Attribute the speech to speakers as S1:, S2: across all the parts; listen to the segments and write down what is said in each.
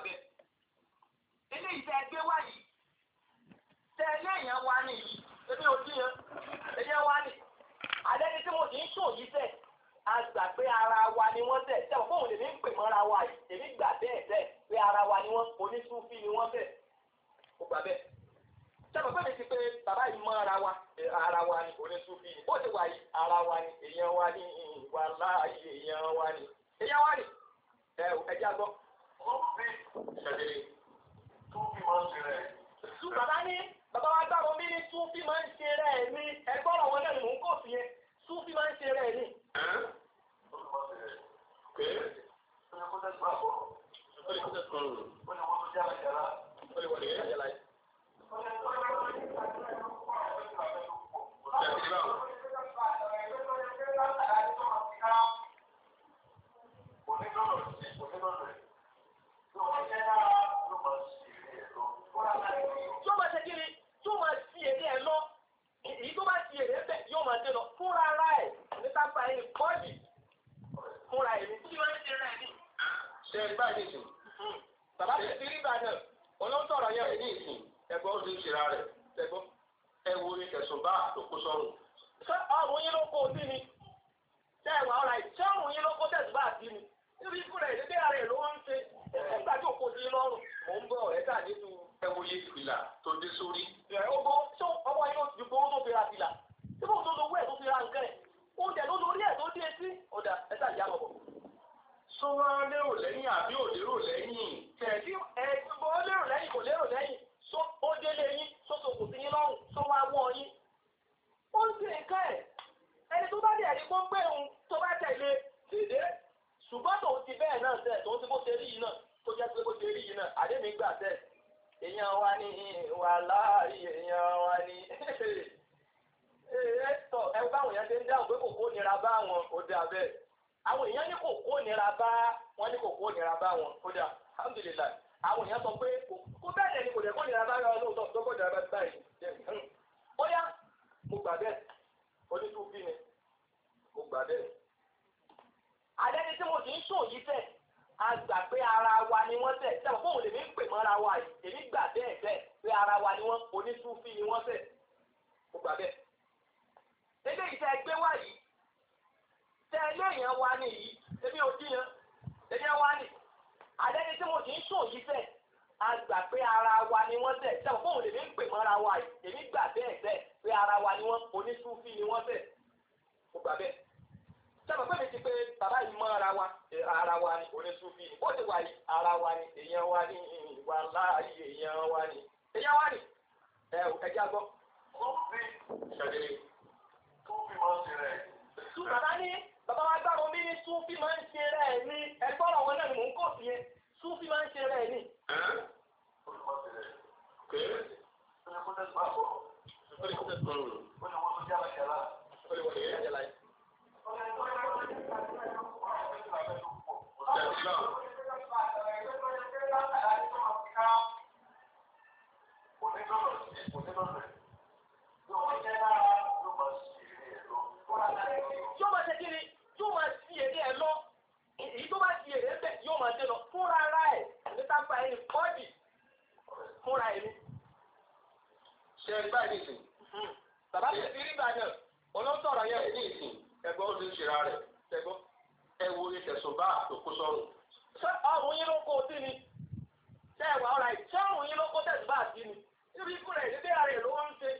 S1: gbà bẹ́ẹ̀. eléyìí tẹ́ ẹ gbé wá yìí tẹ́ ẹ léèyàn wá ní yìí èmi ò sí yẹn èyàn wá ní. alẹ́ tí mo ti ń tò yìí tẹ̀ a gbà pé ara wa ni wọ́n tẹ̀ tẹ̀ fóun lèmi ń pè mọ́ra wa yìí èmi gbà bẹ́ẹ̀ bẹ́ẹ̀ pé ara wa ni wọ́n onísúfì ni wọ́n tẹ̀ ó gbà bẹ́ẹ̀. sẹ́wọ̀n pé mi ti pé bàbá yìí mọ́ ara wa ara wa ni onísúfì ni ó ti wà yìí ara wa ni èèyàn wa ni ìwà láàyè èèyàn wa ni èèyàn wa ni ẹ ẹ jẹ́ ṣẹlẹ̀ tún fi máa ń ṣe rẹ̀. tún bàbá ní bàbá wa gbàgbọ́ mi ní tún fi máa ń ṣe rẹ̀ ní ẹgbọ́n àwọn náà ni mò ń kọ̀ sí yẹn tún fi máa ń ṣe rẹ̀ ní.
S2: ó lè kó tẹ́sán
S1: ó lè wọ́n tó jára jára ó lè wọ́n tó jára jára. ṣẹ́ẹ̀rì báyìí nìsín bàbá mi ti rí ìbàdàn olóńtọ̀rọ̀
S3: yẹn ní ìsìn ẹgbọ́n ti ń ṣera rẹ̀ ẹgbọ́n ẹ wo ni ẹ̀sùn bá àtòkù sọ́run.
S1: ṣé ọrùn yín ló kó sí ni ṣé ẹ̀wà ọ̀la ìṣẹ́ ọrùn yín ló kó tẹ̀sùn bá àti ni níbi ikú rẹ̀ ìdílé ara ẹ̀ ló ń ṣe nígbà tí òkú sí lọ́rùn mò ń bọ̀ ẹ̀ dà nínú
S3: ẹwòye ìfìlà tó dé sórí.
S1: ọgbọ́n tó ọwọ́ yóò ti gbowó tó fi ra fìlà tí mo tó lówó ẹ̀ tó fi ra nǹkan ẹ̀ oúnjẹ ló lórí ẹ̀ tó dé tó wá lérò lẹ́yìn àbí ò lérò lẹ́yìn tẹ̀sí ẹ̀sìn bọ́ lérò lẹ́yìn kò lérò lẹ́yìn ó délé yín tó sòkò sí yín lọ́rùn tó wá wọ́ yín ó ń sìn ká ẹ̀ ẹni tó bá dẹ̀ rí kó pé òun tó bá tẹ̀lé dìde ṣùgbọ́n tó ti bẹ́ẹ̀ náà tẹ̀ tó ti bó ṣe rí yìí náà tó jẹ́ pé bó ṣe rí yìí náà àdémi gbà tẹ̀ èèyàn wa ni wà láàyè èèyàn wa ni ẹ ẹ báwọn yẹn ti ń dáhùn pé kòkó nira báwọn ò dà bẹ́ẹ̀ àwọn èèyàn ní kò kó nira bá wọn ní kò kó nira bá wọn kódà alhamdulilayi àwọn èèyàn sọ pé kó bẹ́ẹ̀ lẹ́ni kò dẹ̀ kó nira bá yọ lóòótọ́ tó kó nira bá báyìí bóyá hmm. mo gbà bẹ́ẹ̀ onítúbí ni mo gbà bẹ́ẹ̀. àdẹ́ni tí mo sì ń sùn tẹ̀ a pé ara wa ni wọ́n tẹ̀ tẹ̀ fóun lèmi ń pè mọ́ra wa yìí ṣiṣẹ́ a gbà pé ara wa ni wọ́n tẹ̀ sẹ́wọ̀n fóun lèmi ń pè mọ́ra wa yìí èmi gbà bẹ́ẹ̀ bẹ́ẹ̀ pé ara wa ni wọ́n oníṣúfì ni wọ́n tẹ̀ mo gbà bẹ́ẹ̀ sẹ́wọ̀n pé mi ti pé bàbá yìí mọ́ ara wa ara wa ni oníṣúfì ni bó ti yìí ara wa ni èèyàn wa ni ìwà láàyè èèyàn wa ni èèyàn wa ni ẹ gbọ́. ó ní bàbá wa gbàgbọ́ mi ní tún máa ń ṣe rẹ̀ ní ẹgbọ́n àwọn náà ni mò ń kọ̀ sí yẹn. Súfì máa ń ṣe rẹ̀ ni. Yóò máa ṣe kiri, yóò máa ṣí èdè ẹ̀ lọ ọmọ ẹ̀jẹ̀ lọ fúnra ara ẹ̀ níta gba ẹni kọ́ọ̀dì fúnra ẹni. ṣe ẹni báyìí nìsín. Hmm. bàbá mi ti rí ìbàdàn olóńtọ̀rọ̀ yẹn ní ìsìn ẹ̀gbọ́n ó ti ń ṣera rẹ̀ ẹ̀gbọ́n ẹ wo ìtẹ̀sùn bá àtòkú sọ́run. ṣé ọ̀hún yín ló kó o sí ni? ṣé ẹ̀wà ọ̀la yìí ṣé ọ̀hún yín ló kó tẹ̀sùn bá àti ni? níbi ikú rẹ̀ níbi ara rẹ̀ ló ń ṣe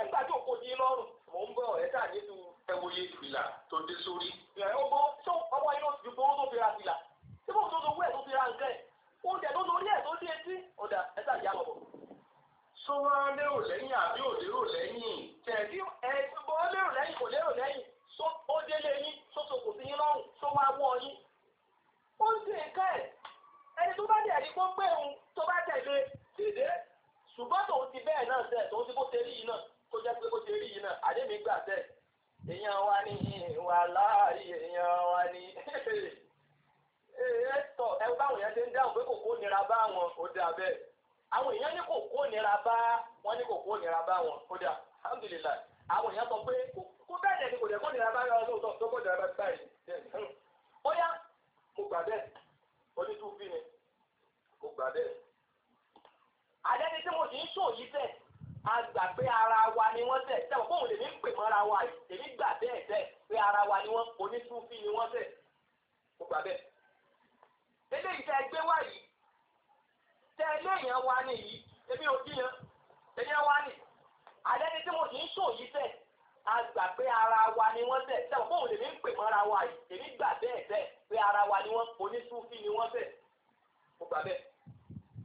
S1: ẹgbà tó kó di lọ́rùn. mò ń bọ̀ ẹ̀ tà nínú.
S3: ẹ wo iye ìfìlà tó dé sórí.
S1: ó gbọ́ tó ọwọ́ yín ló ti tí kò tó lówó ẹ̀ tó fi ra nǹkan ẹ̀ oúnjẹ tó lórí ẹ̀ tó dé etí ọ̀dà ẹ̀ta ìyá lọ́wọ́. sọ wá lérò lẹ́yìn àbí ò lérò lẹ́yìn. tẹ̀sí ẹ bọ́ lérò lẹ́yìn kò lérò lẹ́yìn sọ ó délé yín sọ́sọ kò sí yín lọ́rùn sọ wá wọ́ yín. ó ń ṣe nǹkan ẹ̀ ẹni tó bá dẹ̀ ẹ̀rí pọ́ pé òun tó bá tẹ̀lé dèdè ṣùgbọ́n tòun ti bẹ́ẹ̀ náà tẹ̀ tòun ti bó ṣe rí yìí náà tó jẹ́ pé bó ṣe rí yìí náà àdé mi gbà tẹ̀ èèyàn wa ni wàhálà èèyàn wa ni ẹ tọ̀ ẹ báwọn èèyàn ṣe ń dáhùn pé kò kó nira bá wọn ó dà bẹ́ẹ̀ àwọn èèyàn ní kò kó nira bá wọn ní kò kó nira bá wọn ó dà alhamdulilayi àwọn èèyàn sọ pé kò bẹ́ẹ̀ dẹ̀ ni kò dẹ̀ kó nira bá yọ lóòótọ́ tó kó nira bá báyìí bóyá mo gbà bẹ́ẹ̀ onítúbí ni mo gbà bẹ́ẹ̀ àdẹ́ni tí mo sì ń sọ yìí tẹ̀ a gbà pé ara wa ni wọ́n tẹ̀ tẹ̀ fóun lèmi ń pè mọ́ra wa èmi gbà bẹ́ẹ̀ tẹ̀ pé ara wa ni wọ́n onítúbí ni wọ́n tẹ̀ mo gbà bẹ́ẹ̀ eléyìí tẹ́ gbé wá yìí tẹ́ eléyìí wá ní yìí èmi ò díyan èmi wá ní àlẹ́ni tí mo sì ń sọ yìí tẹ̀ a gbà pé ara wa ni wọ́n tẹ̀ tẹ̀ fóun lèmi ń pè mọ́ra wa yìí èmi gbà bẹ́ẹ̀ bẹ́ẹ̀ pé ara wa ni wọ́n onísúfì ni wọ́n bẹ́ẹ̀ mo gbà bẹ́ẹ̀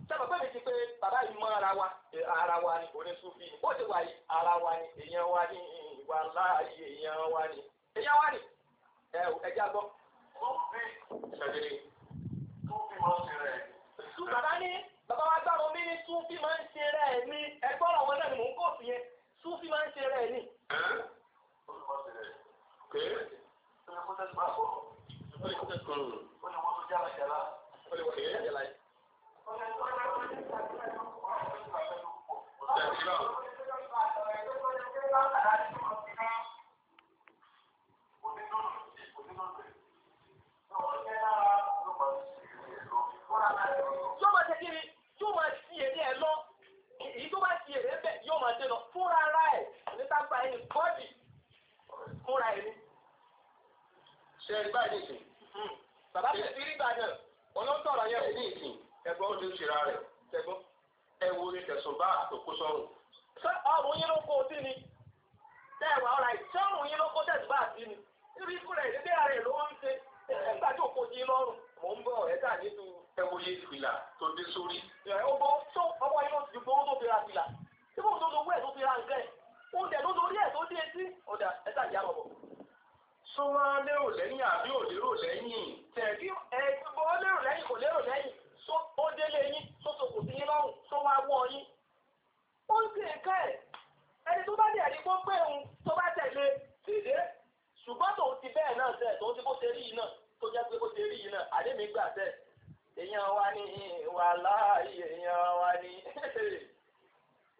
S1: sábà pé mi ti pé bàbá yìí mọ ara wa ara wa ni onísùfì ni bó ti wà yìí ara wa ni èèyàn wa ni ìwà láàyè èèyàn wa ni èèyàn wa ni ẹ ẹ jẹ́ àgbọ̀. ó fi ṣàdédé bàbá ní bàbá wa gbà wọn bí ní súnfì máa ń ṣe rẹ̀ ní ẹgbọ́n àwọn náà ni mò ń kọ̀ sí yẹn súnfì máa ń ṣe rẹ̀ ní. Thank you. yóò máa jẹ́ lọ fúnra ara ẹ̀ níta gba ẹni bọ́ọ̀dì fúnra ẹni. ṣe é báyìí ní ìsìn. Hmm. bàbá mi ti
S3: rí gbà náà ọlọ́tọ̀ọ̀rọ̀ yẹn ní ìsìn ẹgbọ́n ojú ìṣera rẹ̀ tẹgbọ́n ẹ wo ni tẹ̀sùn bá àtòkú sọ́run.
S1: ṣé ọrùn yín ló kó o sí ni? tẹ́wàá ọ̀rà ìṣẹ́ ọrùn yín ló kó tẹ̀sùn bá àti ni. níbi ikú rẹ̀ ìdílé rẹ̀ ló ń ṣe ẹgbà tó kó yín lọ́rùn. mò ń bọ̀ ẹ̀dá nínú ẹwòye ìfìlà tó dé sórí. ọgbọ́n tó ọmọ yín ló tí mo tó lówó ẹ̀ tó fi ra nǹkan ẹ̀ ó dẹ̀ ló lórí ẹ̀ tó dé etí ọ̀dà ẹ̀ta ìyá bọ̀. sọ wá lérò lẹ́yìn àbí ò lérò lẹ́yìn. tẹ̀bí ẹ bọ́ lérò lẹ́yìn kò lérò lẹ́yìn ó délé yín tó so kò sí yín lọ́rùn tó wá wọ́ yín. ó ń sì ń kẹ́ ẹ̀ ẹni tó bá dẹ̀ ẹni kó pé òun tó bá tẹ̀lé tìdé ṣùgbọ́n tó ti bẹ́ẹ̀ náà tẹ̀ tó ti bó ṣe rí yìí náà tó jẹ́ pé bó ṣe rí yìí náà àdémi gbà tẹ̀ èèyàn wa ni wàhálà èèyàn wa ni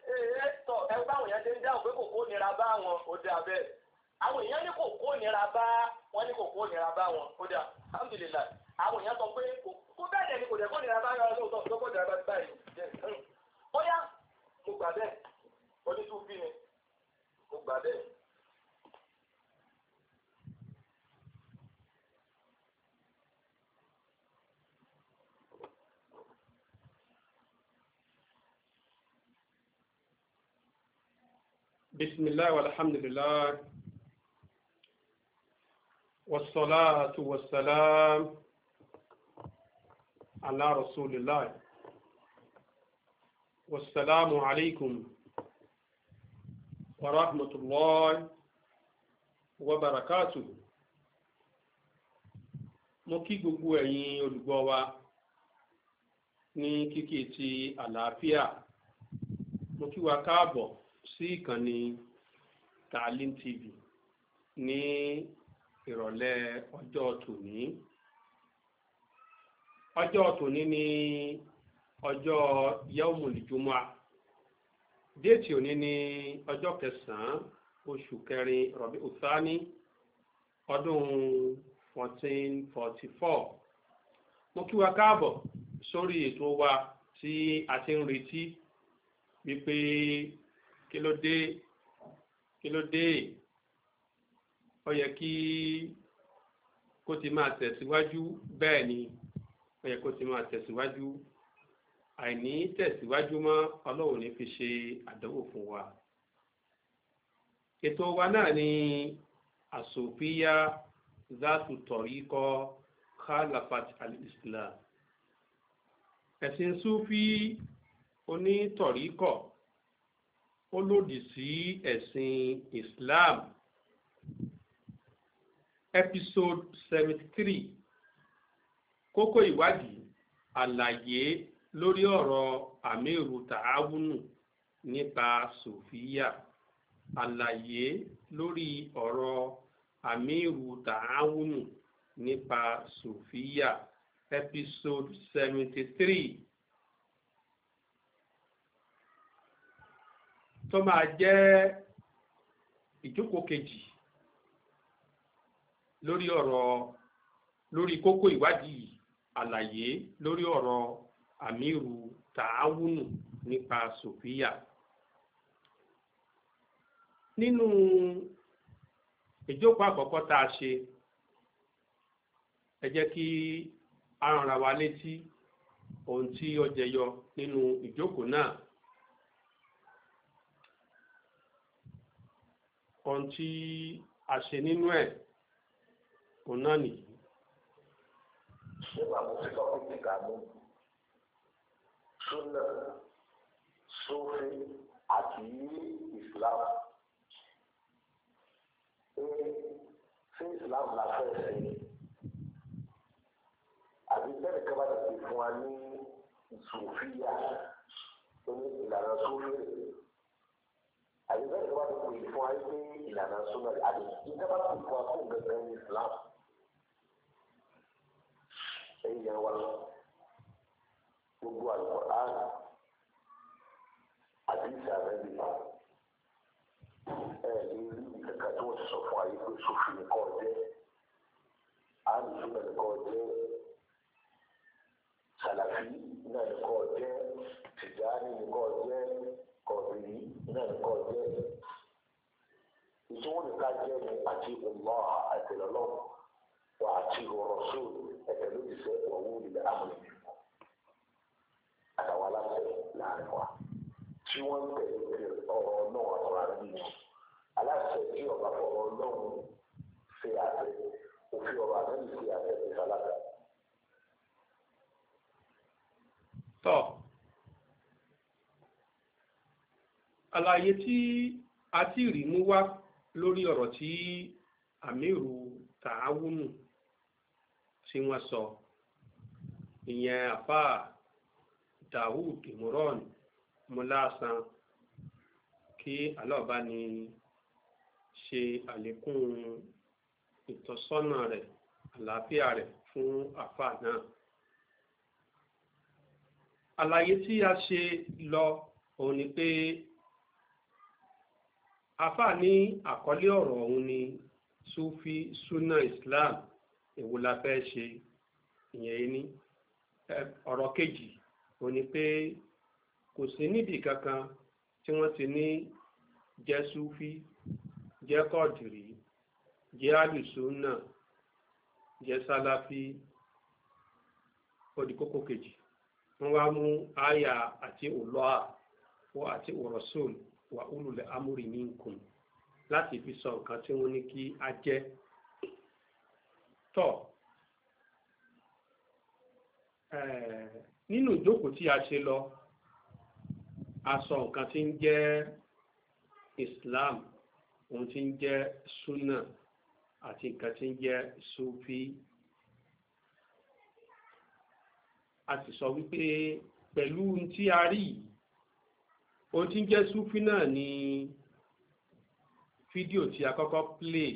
S1: ẹ tọ̀ ẹ báwọn yẹn ṣe ń dáhùn pé kòkó nira bá wọn ó dáa bẹ́ẹ̀ àwọn èèyàn ní kòkó nira bá wọn ní kòkó nira bá wọn ó dáa alhamdulilayi àwọn èèyàn sọ pé kó bẹ́ẹ̀ dẹ̀ ni kò dẹ̀ kó nira bá yọ lóòótọ́ tó kó nira bá báyìí ó yá mo gbà bẹ́ẹ̀ onítúbí ni mo gbà bẹ́ẹ̀.
S3: بسم الله والحمد لله والصلاة والسلام على رسول الله والسلام عليكم ورحمة الله وبركاته mo kí gbogbo ẹ̀yin olùgbọ́ wa ní kíkì ti àlàáfíà mo wa káàbọ̀ sí ìkànnì Taalim TV ní ìrọ̀lẹ́ ọjọ́ tòní ọjọ́ tòní ní ọjọ́ yẹ́wùmùlìjúmọ́à déètì òní ní ọjọ́ kẹsàn-án oṣù kẹrin rọ̀bí ọ̀sánì ọdún 1444 mo kí wa káàbọ̀ sórí ètò wa tí a ti ń retí wípé kí ló dé kí ló dé ó yẹ kí kó ti máa tẹ̀síwájú bẹ́ẹ̀ ni ó yẹ kó ti máa tẹ̀síwájú àìní tẹ̀síwájú mọ́ ọlọ́run ní fi ṣe àdánwò fún wa ètò wa náà ni àsòfíà zaatu tọ̀ríkọ khalafat al-islam ẹ̀sìn sufi onítọ̀ríkọ̀ ó lòdì sí ẹ̀sìn Islam episode seventy three kókó ìwádìí àlàyé lórí ọ̀rọ̀ àmẹ́rù tààwùnù nípa sofia àlàyé lórí ọ̀rọ̀ àmẹ́rù tààwùnù nípa sofia. episode seventy three. tó máa jẹ́ ìjókòó kejì lórí ọ̀rọ̀ lórí kókó ìwádìí àlàyé lórí ọ̀rọ̀ àmírù tààwùnù nípa sofia nínú ìjókòó àkọ́kọ́ tá a ṣe ẹ jẹ́ kí a rànra wa létí ohun tí ó jẹyọ nínú ìjókòó náà ohun tí a ṣe nínú ẹ̀ òun náà nìyí. ṣé
S2: màá mú sí tọ́pìkì kàánú súnà sófin àti islam ṣé islam la fẹ́ ṣe àbí bẹ́ẹ̀ kí wọ́n ti fún wa ní ìsòfíà ní ìlànà sófin àyùbá ìjọba tó kù yìí fún wa pé ìlànà súnà àti ìjọba tó kù wa fún gẹ́gẹ́ ní Islam ẹ̀yìn yẹn wà lọ gbogbo àlùkò àná àti ìsàlẹ̀bí ẹ̀ ní rí ìkẹ́kẹ́ tó ti sọ fún ayé pé sófin nìkan jẹ́ àlù súnà nìkan jẹ́ sàlàfí náà nìkan jẹ́ tìjáni nìkan jẹ́ kọ̀ọ̀bìrì náà nìkan tí wọ́n nìka jẹ́ ní àti Allah àtẹlẹ́lọ́wọ́ wà àti Rasul ẹ̀tẹ̀lójúṣe wọ̀wọ́ nílẹ̀ àmì àtàwọn aláṣẹ láàrin wa tí wọ́n ń tẹ̀lé ọ̀rọ̀ náà àtọ̀rọ̀ àbí aláṣẹ tí ọ̀gá fọ̀rọ̀ lọ́hùn ṣe àtẹ òfin ọ̀rọ̀ àbí ṣe àtẹ ìsàlágà.
S3: tọ́ àlàyé tí a ti rí mú wá lórí ọ̀rọ̀ tí àmírù tààwùnù tí wọ́n sọ ìyẹn àfà Dawud Imran mulasan kí alọ́ọ̀bá ni ṣe àlékún ìtọ́sọ́nà rẹ̀ àlàáfíà rẹ̀ fún àfà náà. àlàyé tí a ṣe lọ òun ni pé afa ní àkọlé ọ̀rọ̀ ọ̀hún ni sufi sunna islam èwo la fẹ́ ṣe ìyẹn ní ọ̀rọ̀ kejì ó ní pé kò sí níbì kankan tí wọ́n ti ní jẹ́ sufi jẹ́ kọ́dìrí jẹ́ alùsùnà jẹ́ sáláfí odikoko kejì wọ́n wá mú àyà àti òlọ́à àti òrọ̀sùn wà ulul amri minkum láti fi sọ nǹkan tí wọ́n ní kí a jẹ́ tọ́ eh, nínú ìjókòó tí a ṣe lọ a sọ nǹkan tí ń jẹ́ Islam ohun tí ń jẹ́ sunna àti nǹkan tí ń jẹ́ sufi a sì sọ wípé pẹ̀lú ohun tí a rí yìí ohun tí ń jẹ́ súfì náà ni fídíò tí a kọ́kọ́ play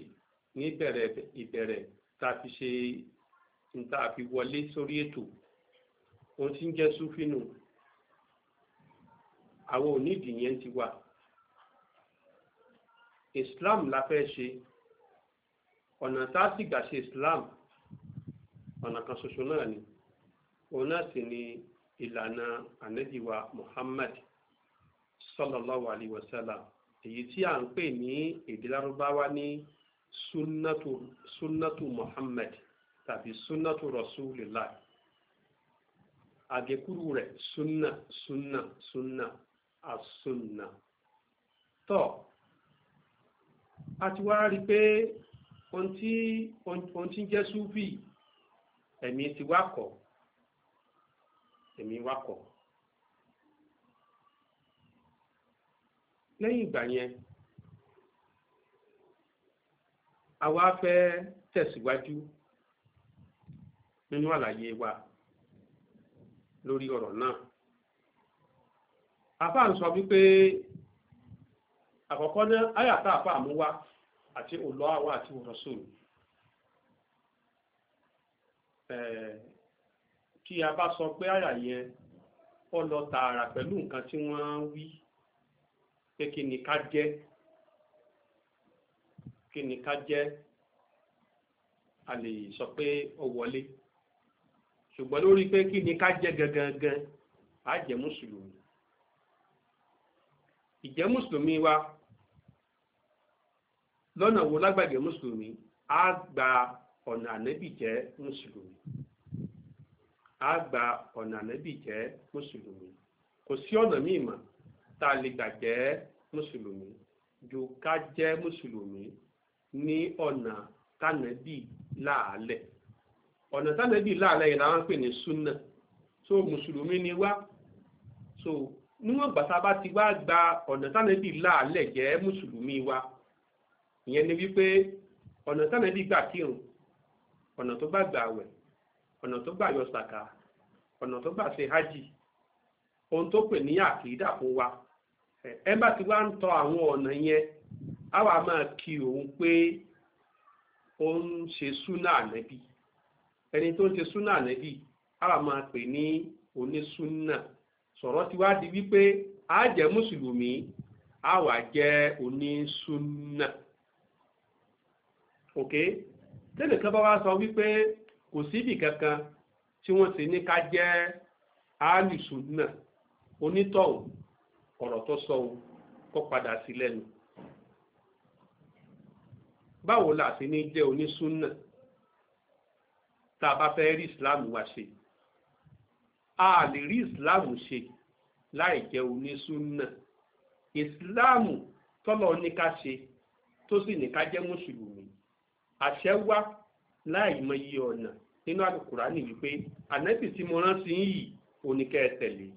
S3: ní ìbẹ̀rẹ̀ ìbẹ̀rẹ̀ tá a fi ṣe tá a fi wọlé sórí ètò ohun tí ń jẹ́ súfì nù àwọn onídìí yẹn ti wà Islam la fẹ́ ṣe ọ̀nà tá a sì gbà ṣe Islam ọ̀nà kan ṣoṣo náà ni òun náà sì ni ìlànà ànábì Muhammad sallallahu alayhi wa sallam èyí tí à ń pè ní èdè lárúbáwá ní sunnatu sunnatu muhammad tàbí sunnatu rasulillah àgékúrú rẹ̀ sunna sunna sunna asunna tọ́ a ti wá rí pé ohun tí ń jẹ́ súfì ẹ̀mí ti wá kọ̀ ẹ̀mí wá kọ̀. lẹ́yìn ìgbà yẹn àwa fẹ́ tẹ̀síwájú nínú àlàyé wa lórí ọ̀rọ̀ náà àfáà ń sọ wípé àkọ́kọ́ náà àyàtà àfáà mú àti òlọ́ àwa àti òrọ̀sùn kí a bá sọ pé àyà yẹn ọ lọ tààrà pẹ̀lú nǹkan tí wọ́n wí pé kí ni ká jẹ́ kí ni ká jẹ́ a lè sọ pé ó wọlé ṣùgbọ́n lórí pé kí ni ká jẹ́ gangan a jẹ́ mùsùlùmí ìjẹ́ mùsùlùmí wa lọ́nà wo lágbàgbé mùsùlùmí gba ọ̀nà jẹ́ mùsùlùmí gba ọ̀nà ànábì jẹ́ mùsùlùmí kò sí ọ̀nà míì tá a lè gbà jẹ́ mùsùlùmí ju ká jẹ́ mùsùlùmí ní ọ̀nà tánàbì láàlẹ̀ ọ̀nà tánàbì láàlẹ̀ yìí làwọn pè ní súnà so mùsùlùmí ni wá so níwọ̀n gbàtà bá ti wá gba ọ̀nà tánàbì láàlẹ̀ jẹ́ mùsùlùmí wa ìyẹn ni wípé ọ̀nà tánàbì gbà kírun ọ̀nà tó gbà gbà wẹ̀ ọ̀nà tó gbà yọ sàkà ọ̀nà tó gbà ṣe hájì ohun tó pè ní àkìdá fún wa ẹ bá ti wá ń tọ àwọn ọ̀nà yẹn á wà máa kí òun pé ó ń ṣe súnà ànẹ́bí ẹni tó ń ṣe súnà ànẹ́bí á wà máa pè ní ti wá di wípé á jẹ́ mùsùlùmí á wà jẹ́ onísúnà ok tẹ́lẹ̀ kan bá wá sọ wípé kò síbì kankan tí wọ́n ti ní ká jẹ́ alùsùnà onítọ̀hún ọ̀rọ̀ tó sọ ohun kó padà sí lẹ́nu báwo la sì ní jẹ́ onísúnnà tá a bá fẹ́ rí ìsìláàmù wa ṣe a lè rí ìsìláàmù ṣe láì jẹ́ onísúnnà ìsìláàmù tọ́lọ̀ ní ká ṣe tó sì ní ká jẹ́ mùsùlùmí àṣẹ wá láì mọ iye ọ̀nà nínú àlùkùránì wípé ànẹ́bì tí mo rántí yìí oníkẹ́ tẹ̀lé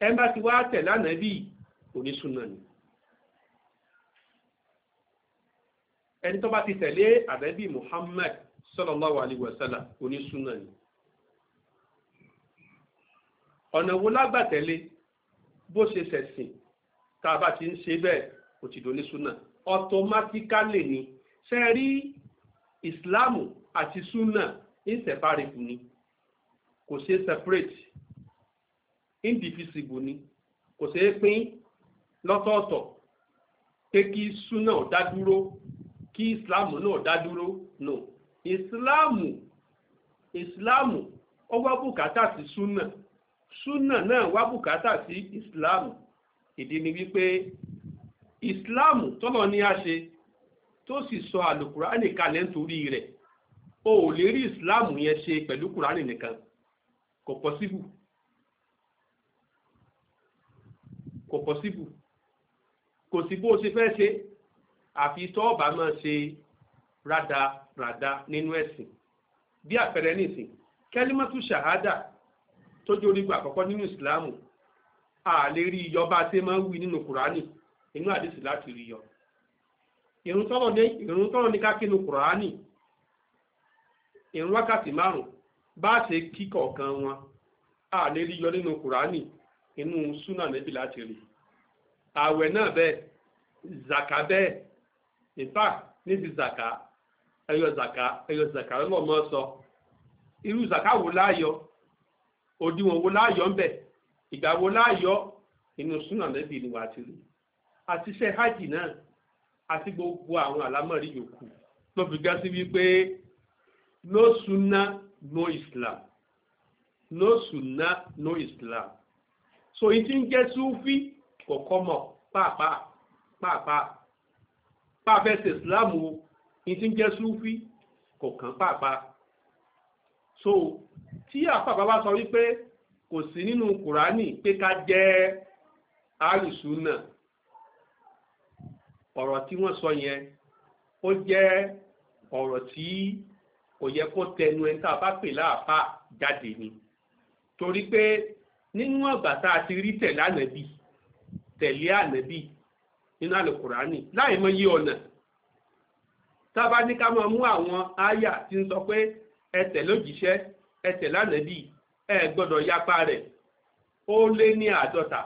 S3: ẹ bá ti wá tẹ̀ lánàá bí onísùnà ni ẹni tó bá ti tẹ̀lé àbẹ́bí Muhammad sallallahu alaihi wasallam onísùnà ni ọ̀nà wo lágbàtẹ̀lé bó ṣe ṣẹ̀sìn tá a bá ti ń ṣe bẹ́ẹ̀ kò ti dòní súnà ọ̀tọ́mátíkálì ni ṣe rí ìsìláàmù àti súnà inseparable ni kò ṣe separate indivisible ni kò ṣeé pín lọ́tọ̀ọ̀tọ̀ pé kí súnà dá dúró kí islam náà dá dúró no ìsìláàmù ìsìláàmù ó wá bùkátà sí súnà súnà náà wá bùkátà sí ìsìláàmù ìdí ni wípé ìsìláàmù tọ́lọ ní a ṣe tó sì sọ àlùkùránì kalẹ̀ nítorí rẹ̀ o ò lè rí ìsìláàmù yẹn ṣe pẹ̀lú kùránì nìkan kò pọ́síbù pọ́síbù kò sí bó ṣe fẹ́ ṣe àfi tọ́ọ̀bà máa ṣe rádaràda nínú ẹ̀sìn bí àpẹẹrẹ nìsín kẹ́límọ́tù ṣàhádà tó jórí gbà àkọ́kọ́ nínú ìsìláàmù a lè rí iyọ bá a ṣe máa ń wí nínú kùránì inú àdìsí láti rí yọ ìrun tọ́lọ̀ ní ká kí nínú kùránì ìrun wákàtí márùn bá a ṣe kíkọ̀ọ̀kan wọn a rí yọ nínú kùránì inú súnà nẹ́bí láti rí i ààwẹ̀ náà bẹ́ẹ̀ zaka bẹ́ẹ̀ ìfà níbi zaka ẹyọ zaka ẹyọ zaka lọ́wọ́ mọ́ sọ irú zaka wo láàyọ òdiwọ̀n wo láàyọ ń bẹ̀ ìgbà wo láàyọ inú súnà lẹ́bí ni wà á ti rí àti iṣẹ́ hajj náà àti gbogbo àwọn àlámọ̀rí yòókù ló fi gá sí wípé no sunna no islam no sunna no islam so ìtí ń jẹ́ súfì kò kọ́mọ̀ pàápàá pàápàá pàápàá ṣe ìsìláàmù o ní ń jẹ́ súfí kò pàápàá so tí àpapà bá sọ wípé kò sí nínú kùránì pé ká jẹ́ alùsùnà ọ̀rọ̀ tí wọ́n sọ yẹn ó jẹ́ ọ̀rọ̀ tí kò yẹ kó tẹnu ẹni tá a bá pè láàpá jáde ni torí pé nínú ọgbà tá a ti rí tẹ̀ lánàá bíi tẹ̀lé ànẹ́bí nínú àlùkùránì láì mọ iye ọ̀nà tábà ní ká máa mú àwọn àyà tí ń sọ pé ẹ tẹ̀lé òjíṣẹ́ ẹ tẹ̀lé ànẹ́bí ẹ gbọ́dọ̀ yapa rẹ̀ ó lé ní àádọ́ta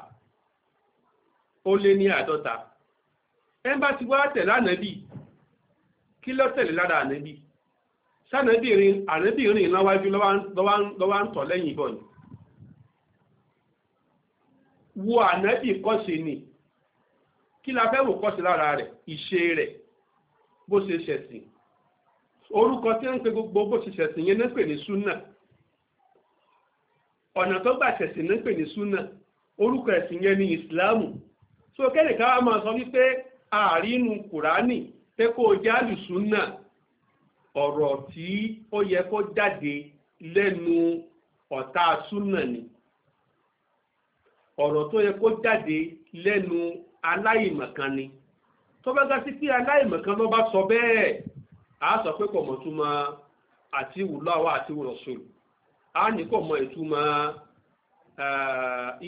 S3: ó lé ní àádọ́ta ẹ bá ti wá tẹ̀lé ànẹ́bí kí ló tẹ̀lé lára ànẹ́bí sànẹ́bí rìn ànẹ́bí rìn lọ́wọ́ ń tọ̀ lẹ́yìn ìbọn yìí wo ànábì kọ́sì ni kí la fẹ́ wò kọ́sì lára rẹ̀ ìṣe rẹ̀ ṣe orúkọ tí ń pe gbogbo bó ṣe ṣẹ̀sìn yẹn pè ní súnà ọ̀nà tó gbà ṣẹ̀sìn ń pè ní súnà orúkọ ẹ̀sìn yẹn ní ìsìláàmù tó máa sọ wípé àárínú kùránì pé kó o ọ̀rọ̀ tí ó yẹ kó jáde lẹ́nu ọ̀tá súnà ni. ọ̀rọ̀ tó yẹ kó jáde lẹ́nu aláìmọ̀kan ni tó bá ga sí pé aláìmọ̀kan ló bá sọ bẹ́ẹ̀ a sọ pé kò àti ìwúláwà àti ìwúrọ̀sọ̀lù a ní kò mọ̀ ìtumọ̀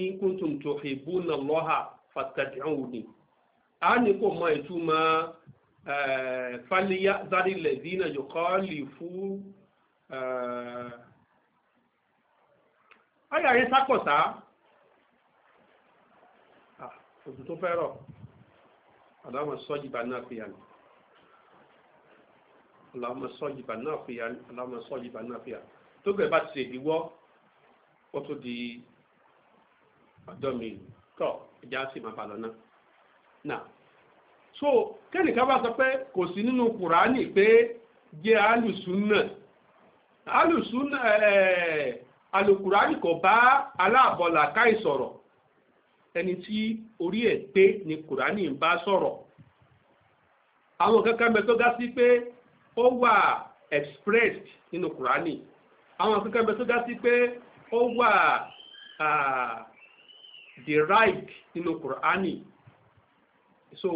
S3: in kuntum tuhibbuna ní faliya yẹn òtù tó fẹ́rọ̀ aláwọ̀ sọ́jìbà náà fi hàn aláwọ̀ sọ́jìbà náà fi hàn aláwọ̀ sọ́jìbà náà fi hàn tó gbẹ̀ ti ṣe ìdíwọ́ ó tó di ọjọ́ mi tọ̀ ìjà sì máa bà lọ́nà náà so kẹ́nìkan bá sọ pé kò sí nínú kùránì pé jẹ́ alùsùnà alùsùnà ẹ̀ẹ́ alùkùránì kò bá aláàbọ̀là káì sọ̀rọ̀ ẹni tí orí ẹ̀ pé ni kùránì ń bá sọ̀rọ̀ àwọn kankan bẹ tó ga sí pé ó wà expressed nínú kùránì àwọn kankan bẹ tó ga sí pé ó wà derived nínú kùránì so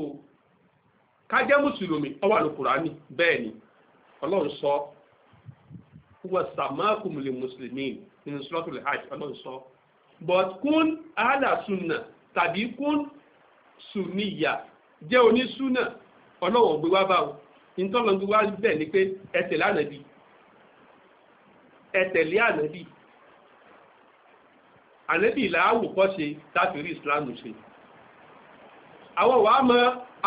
S3: ká jẹ́ mùsùlùmí ó wà ní kùránì bẹ́ẹ̀ ni ọlọ́run sọ wọ́n sàmákùmùlì mùsùlùmí nínú hajj ọlọ́run sọ. So, but kún àlàsùnà tàbí kún sùnìyà jẹ́ onísùnà ọlọ́wọ̀n gbé wá báwo nítorí wọn gbé bẹ̀ ni pé ẹ tẹ̀lé ànábì ẹ tẹ̀lé ànábì ànábì làáwù kọ́ ṣe láti rí ìsìláàmù ṣe àwọn wàá mọ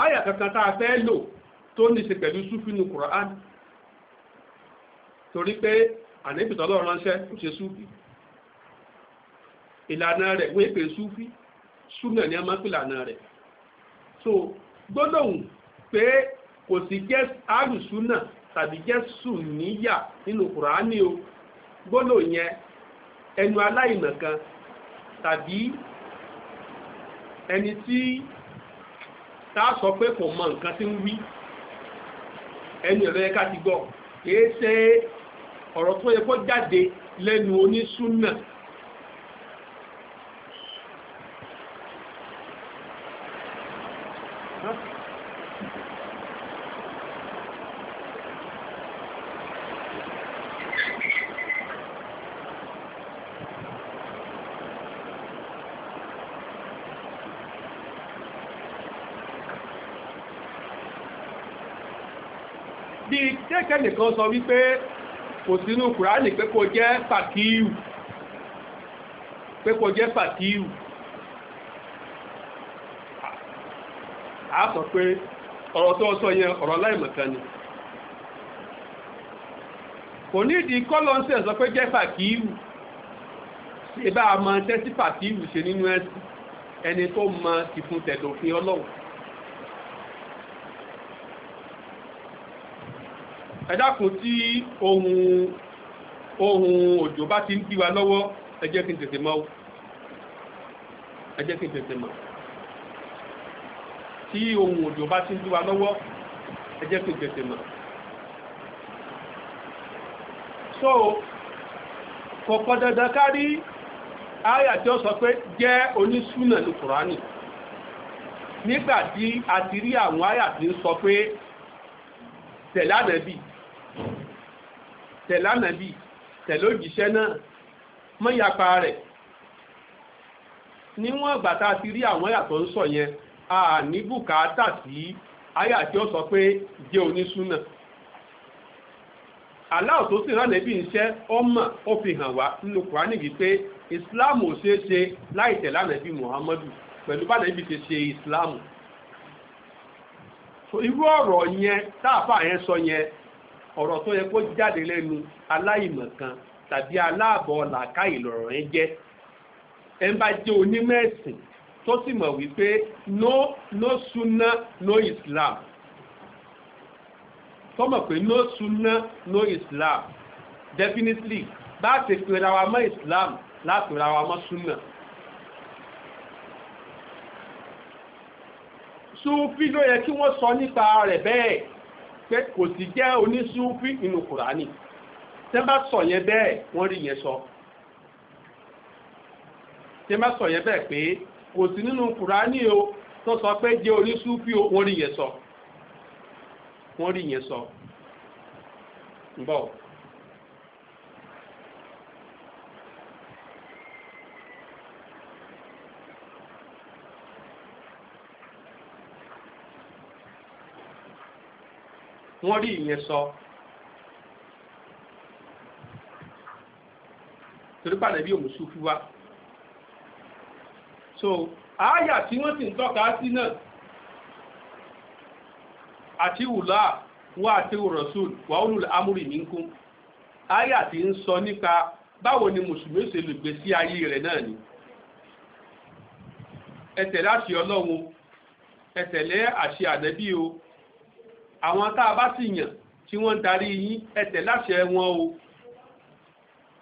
S3: àyà kankan tá a fẹ́ lò tó ní ṣe pẹ̀lú súfínù kùrán torí pé ànábì tọ́lọ́ ránṣẹ́ kò ṣe súfì ìlànà rẹ̀ wọ́n èpè súfí súnà ní ọmọ ìlànà rẹ̀ so gbólóhùn pé kò sí jẹ́ àrùsúnà tàbí jẹ́ sùnníyà nínú kùránì o gbólóhùn yẹn ẹnu aláìmọ̀kan tàbí ẹni tí tá a sọ pé kò mọ nǹkan tí ń wí ẹni ẹ̀rọ yẹ ká ti gbọ́ kìí ṣe ọ̀rọ̀ tó yẹ kó jáde lẹ́nu onísúnà jẹ́kẹ́ nìkan sọ wípé kò sínú kùránì pé kò jẹ́ fàkíù pé kò jẹ́ fàkíù a sọ pé ọ̀rọ̀ tó sọ yẹn ọ̀rọ̀ láìmọ̀kan ni kò ní ìdí kọ́lọ́nsẹ̀ sọ pé jẹ́ fàkíù ṣe bá a mọ tẹ́sí fàkíù ṣe nínú ẹ̀sìn ẹni tó mọ ìfúntẹ̀dọ̀fin ọlọ́run ẹ dákun tí ohun ohun òjò bá ti ń dí wa lọ́wọ́ ẹ jẹ́ kí n tètè mọ̀ ẹ jẹ́ kí n tètè mọ̀ tí ohun òjò bá ti ń dí wa lọ́wọ́ ẹ jẹ́ kí n tètè mọ̀ so kò pọ̀ dandan kárí àyà tí ó sọ pé jẹ́ onísúnà ní kùránì nígbàtí a ti rí àwọn àyà tí ń sọ pé tẹ̀lé ànábì tẹ̀lá nàbì tẹ̀lé òjíṣẹ́ náà mọ́ ìyapa rẹ̀ níwọ̀n ìgbà tá a ti rí àwọn àyà tó ń sọ yẹn a ní bùkátà sí àyà tí ó sọ pé jẹ́ onísúnà aláwọ̀ tó sì rán nàbì iṣẹ́ ọmọ ó fi hàn wá nínú kùránì wípé ìsìláàmù ò ṣeé ṣe láì tẹ̀lá nàbì muhammadu pẹ̀lú bá nàbì ṣe ṣe ìsìláàmù irú ọ̀rọ̀ yẹn táàfà yẹn sọ yẹn ọ̀rọ̀ tó yẹ kó jáde lẹ́nu aláìmọ̀kan tàbí aláàbọ̀ làákàyè lọ̀rọ̀ yẹn jẹ́ ẹ ń bá jẹ́ onímọ̀ ẹ̀sìn tó sì mọ̀ wípé no no sunna no islam tó mọ̀ pé no sunna no islam definitely bá a ṣe pera wa mọ́ islam lápera wa mọ́ sunna. sùn fídíò yẹ kí wọ́n sọ nípa rẹ̀ bẹ́ẹ̀ pé kò sí jẹ́ onísúfí nínú kùránì tẹ́ bá sọ yẹn bẹ́ẹ̀ wọ́n rí yẹn sọ tẹ́ bá sọ yẹn bẹ́ẹ̀ pé kò sí nínú kùránì o tó sọ pé jẹ́ onísúfí o wọ́n rí yẹn sọ wọ́n rí yẹn sọ ń bọ̀. wọ́n rí ìyẹn sọ torí pàdé bí òmùsù fi wá so àáyà tí wọ́n sì ń tọ́ka sí náà àti wùlá wọ́n àti rasul wà ó lùlẹ̀ amúrì minkum àáyà tí ń sọ nípa báwo ni mùsùlùmí ṣe lè gbé sí ayé rẹ̀ náà ni ẹ tẹ̀lé àṣẹ ọlọ́run ẹ àṣẹ ànábì o àwọn tá a bá sì yàn tí wọ́n ń darí yín ẹ tẹ̀ láṣẹ wọn o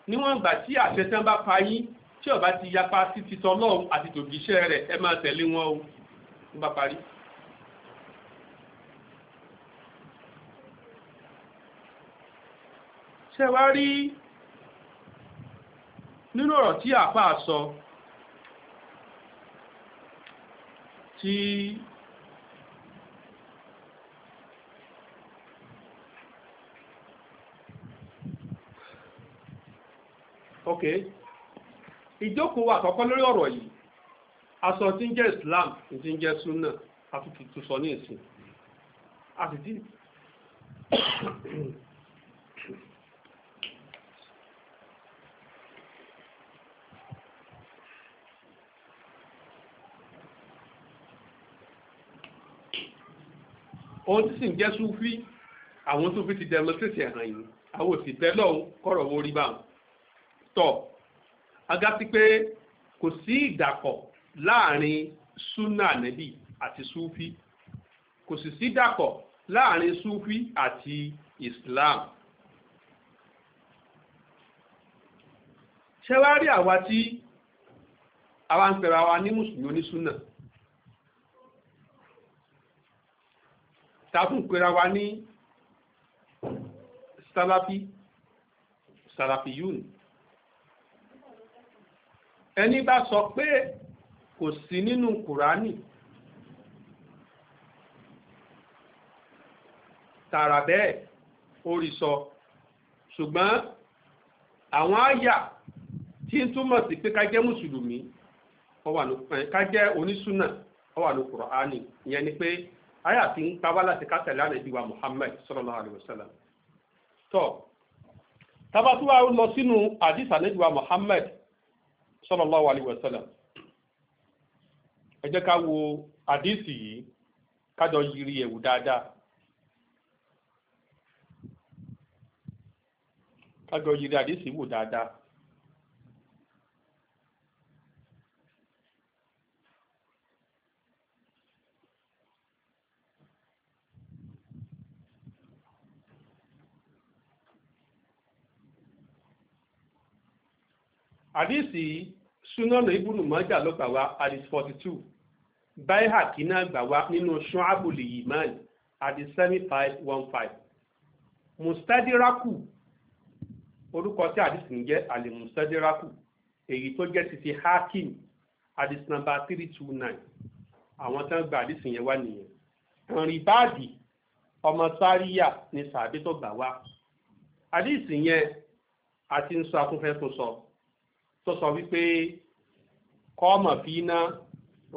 S3: níwọ̀n ìgbà tí àṣẹ tán bá pa yín tí ó bá ti yapa sí ti tọlọ́run àti tòjíṣẹ́ rẹ̀ ẹ máa tẹ̀lé wọn o ń bá parí. ṣe nínú ọ̀rọ̀ tí àáfàá sọ tí. ok ìjókòó wa àkọ́kọ́ lórí ọ̀rọ̀ yìí aṣọ tí ń jẹ́ Islam tí ń jẹ́ sunna a ti tuntun sọ ní ìsìn a sì ti ohun tí sì ń jẹ́ Súfí àwọn Súfí ti demonstrate ẹ̀hàn yìí àwọn òsì bẹ́ẹ̀ lọ́hùn kọ̀rọ̀ wo rí báwọn tọ̀ aga sí pé kò sí ìdàpọ̀ láàrin súnà nẹ́bì àti súfí kò sì sí ìdàpọ̀ láàrin súfí àti Islam. ṣé wá rí àwa tí àwa ń pẹ̀rọ àwa ní mùsùlùmí onísúnà tàbí pẹ̀rọ àwa ní sàlàfí sàlàfí yúnì ẹni bá sọ pé kò sí nínú kùránì tààrà bẹ́ẹ̀ orí sọ ṣùgbọ́n àwọn àyà tí ń túmọ̀ sí pé ká jẹ́ mùsùlùmí ká jẹ́ onísùnà ó wà ní kùránì ìyẹn ni pé àyà tí ń pa wá láti ká tẹ̀lé ànábì wa Muhammad sallallahu alaihi wasallam tó tabatuwa lọ sínú àdìsá ànábì wa Muhammad sallallahu alaihi wasallam ẹ jẹ́ ká wo àdísì yìí kájọ yiri ẹ̀wù dáadáa kájọ yiri àdísì wò dáadáa. àdísì yìí sunana ibùnú mọ́jà ló gbà wá hadith forty two bayhaki náà gbà wá nínú ṣọ́ábùlì yimán hadith seventy five one five mustadiraku orúkọ tí hadith ń jẹ́ àlè mustadiraku èyí tó jẹ́ títí hakim hadith number three two nine àwọn tán gba àdìsìn yẹn wá nìyẹn rìn báàdì ọmọ sáríyà ni sàbí tó gbà wá àdìsìn yẹn àti ń sọ akúnfẹ́ tó sọ tó sọ wípé kọ́ọ̀mà fínà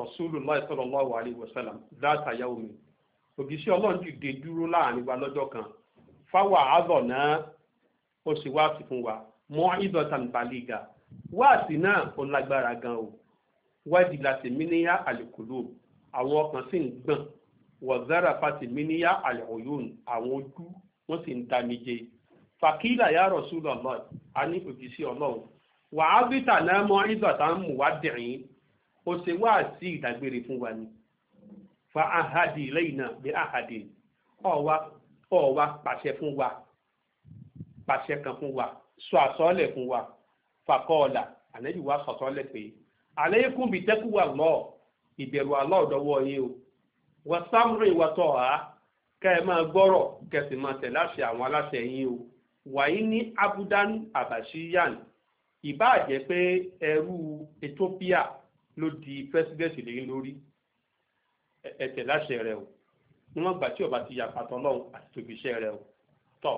S3: Rasulullah sallallahu alayhi wa sallam dáta yaomi ògìsí ọlọ́run ti dé dúró láàrin wa lọ́jọ́ kan fáwọn àádọ́ náà ó sì wá sí fún wa mọ́ ìdọ̀tàn baliga wáàsí náà ó lágbára gan o wádìí láti míníyà àlùkùlù àwọn ọkàn sì ń gbọ̀n wọ̀zára fati míníyà àlùkùlùn àwọn ojú wọ́n sì ń dá mi jẹ fàkílà ya Rasulullah a ní ògìsí ọlọ́run wàá bìtà náà mọ ìgbàtà ń mú wá dìrín ó ṣe wá sí ìdágbére fún wa ni fa ahadi lẹ́yìn náà bí ahadi ọ̀wá ọ̀wá pàṣẹ fún wa pàṣẹ kan fún wa sọ àsọ́ọ̀lẹ̀ fún wa fakọ́ọ̀là ànábì wa sọ̀sọ́ọ̀lẹ̀ pé àléékún bíi tẹ́kù wà lọ́ ìbẹ̀rù yín o wọ́n sámúrò ìwà tọ̀ á ẹ máa gbọ́rọ̀ kẹ́ láṣẹ àwọn aláṣẹ yín o wàyí ní abudan abashiyan ìbáà jẹ́ pé ẹrú Ethiopia ló di president lé lórí ẹ̀tẹ̀ láṣẹ rẹ̀ o níwọ̀n gbà tí ọba ti yàpá tọ́lọ́hún àti tóbi iṣẹ́ rẹ̀ o tọ́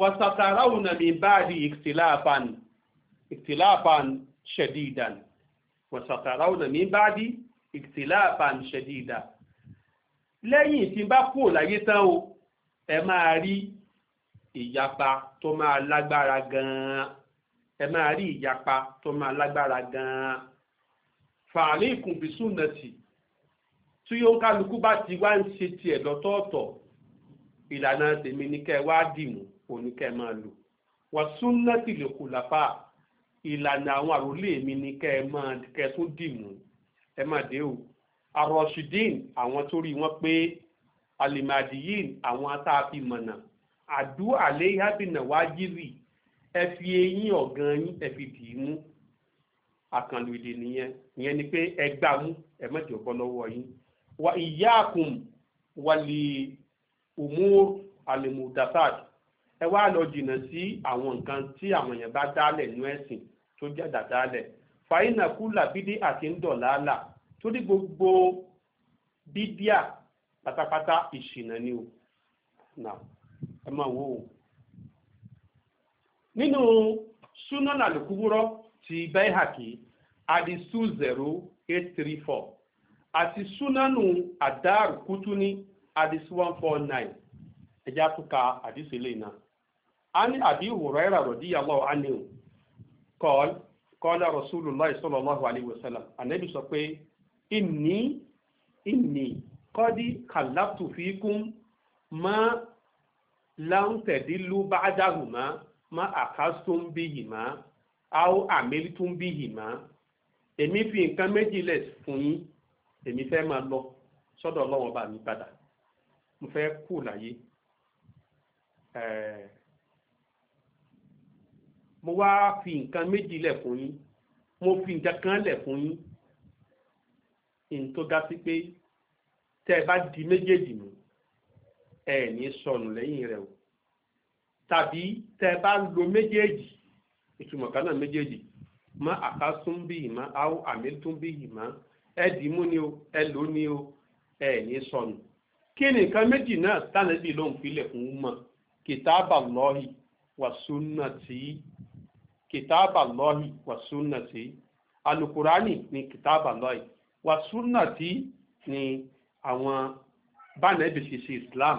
S3: wasatarawun na min baadi ikhtilafan ikhtilafan shadidan wasatarawun na min baadi ikhtilafan shadidan lẹ́yìn tí n bá kúrò láyé tán o ẹ máa rí ìyapa tó máa lágbára gan ẹ máa rí ìyapa tó máa lágbára gan-an fàálì ìkùnbísùnàtì tí yóò kálukú bá ti wá ń ṣe tiẹ̀ lọ́tọ̀ọ̀tọ̀ ìlànà tèmi ní kẹ́ ẹ wá dìmú òní kẹ́ ẹ máa lò wọ́n súnàtì lè kù lápá ìlànà àwọn àròlé mi ní kẹ́ ẹ máa kẹ́ ẹ tún dìmú ẹ máa dé o àròṣìdín àwọn tó rí wọn pé alimadiyin àwọn tá mọ̀nà àdúrà léyàbìnà wájírì ẹ fi eyín ọ̀gàn yín ẹ fi dì í mú àkànlò èdè nìyẹn ìyẹn ni pé ẹ gbà mú ẹ má jẹ́ bọ́ lọ́wọ́ yín wa ìyáàkùn wàlì umur alimutasad ẹ wá lọ jìnnà sí àwọn nǹkan tí àwọn èèyàn bá dálẹ̀ nú ẹ̀sìn tó jẹ́ dàdálẹ̀ fàyínà kúlà bídí àti ń dọ̀láàlà torí gbogbo bídíà pátápátá ìṣìnà ni o nà ẹ máa wò ó. nínú sunan alukuburo ti baihaki adi two zero eight three four àti sunanu adaru kutuni adi one four nine ẹjẹ àtúkà àdìsílẹ̀ náà ani àbí huraira radiyallahu anhu kọ́ọ̀lù kọ́lá rasulullah sallallahu alayhi wa sallam anabi sọ pé inni inni kọ́dí kàlàtù fíkún ma láǹtẹ̀dílú ba'dahuma má àkásùn bí yìí má áó àmẹ́lí tún bí yìí má èmi fi nǹkan méjì lẹ̀ fún yín èmi fẹ́ máa lọ sọ́dọ̀ ọlọ́wọ́n bá mi padà mo fẹ́ kú láyé mo wá fi nǹkan méjì lẹ̀ fún yín mo fi nǹkan kan lẹ̀ fún yín in tó dá sí pé tẹ́ ẹ bá di méjèèjì mú ẹ ní sọnù lẹ́yìn rẹ̀ o tàbí tẹ bá ń lo méjèèjì ìtumọ̀ kan náà méjèèjì mọ àkásùn bí ìmọ̀ áwọ̀ àmẹ́tún bí ìmọ̀ ẹ dìímú ni o ẹ lò ni o ẹ ní sọnù kí ni nǹkan méjì náà tánàbí ló ń filẹ̀ fún mọ̀ kìtàbà lọ́hì wà súnàtì kìtàbà lọ́hì wà súnàtì alukurani ni kìtàbà lọ́hì wà súnàtì ni àwọn bánẹ́bì ṣiṣẹ́ Islam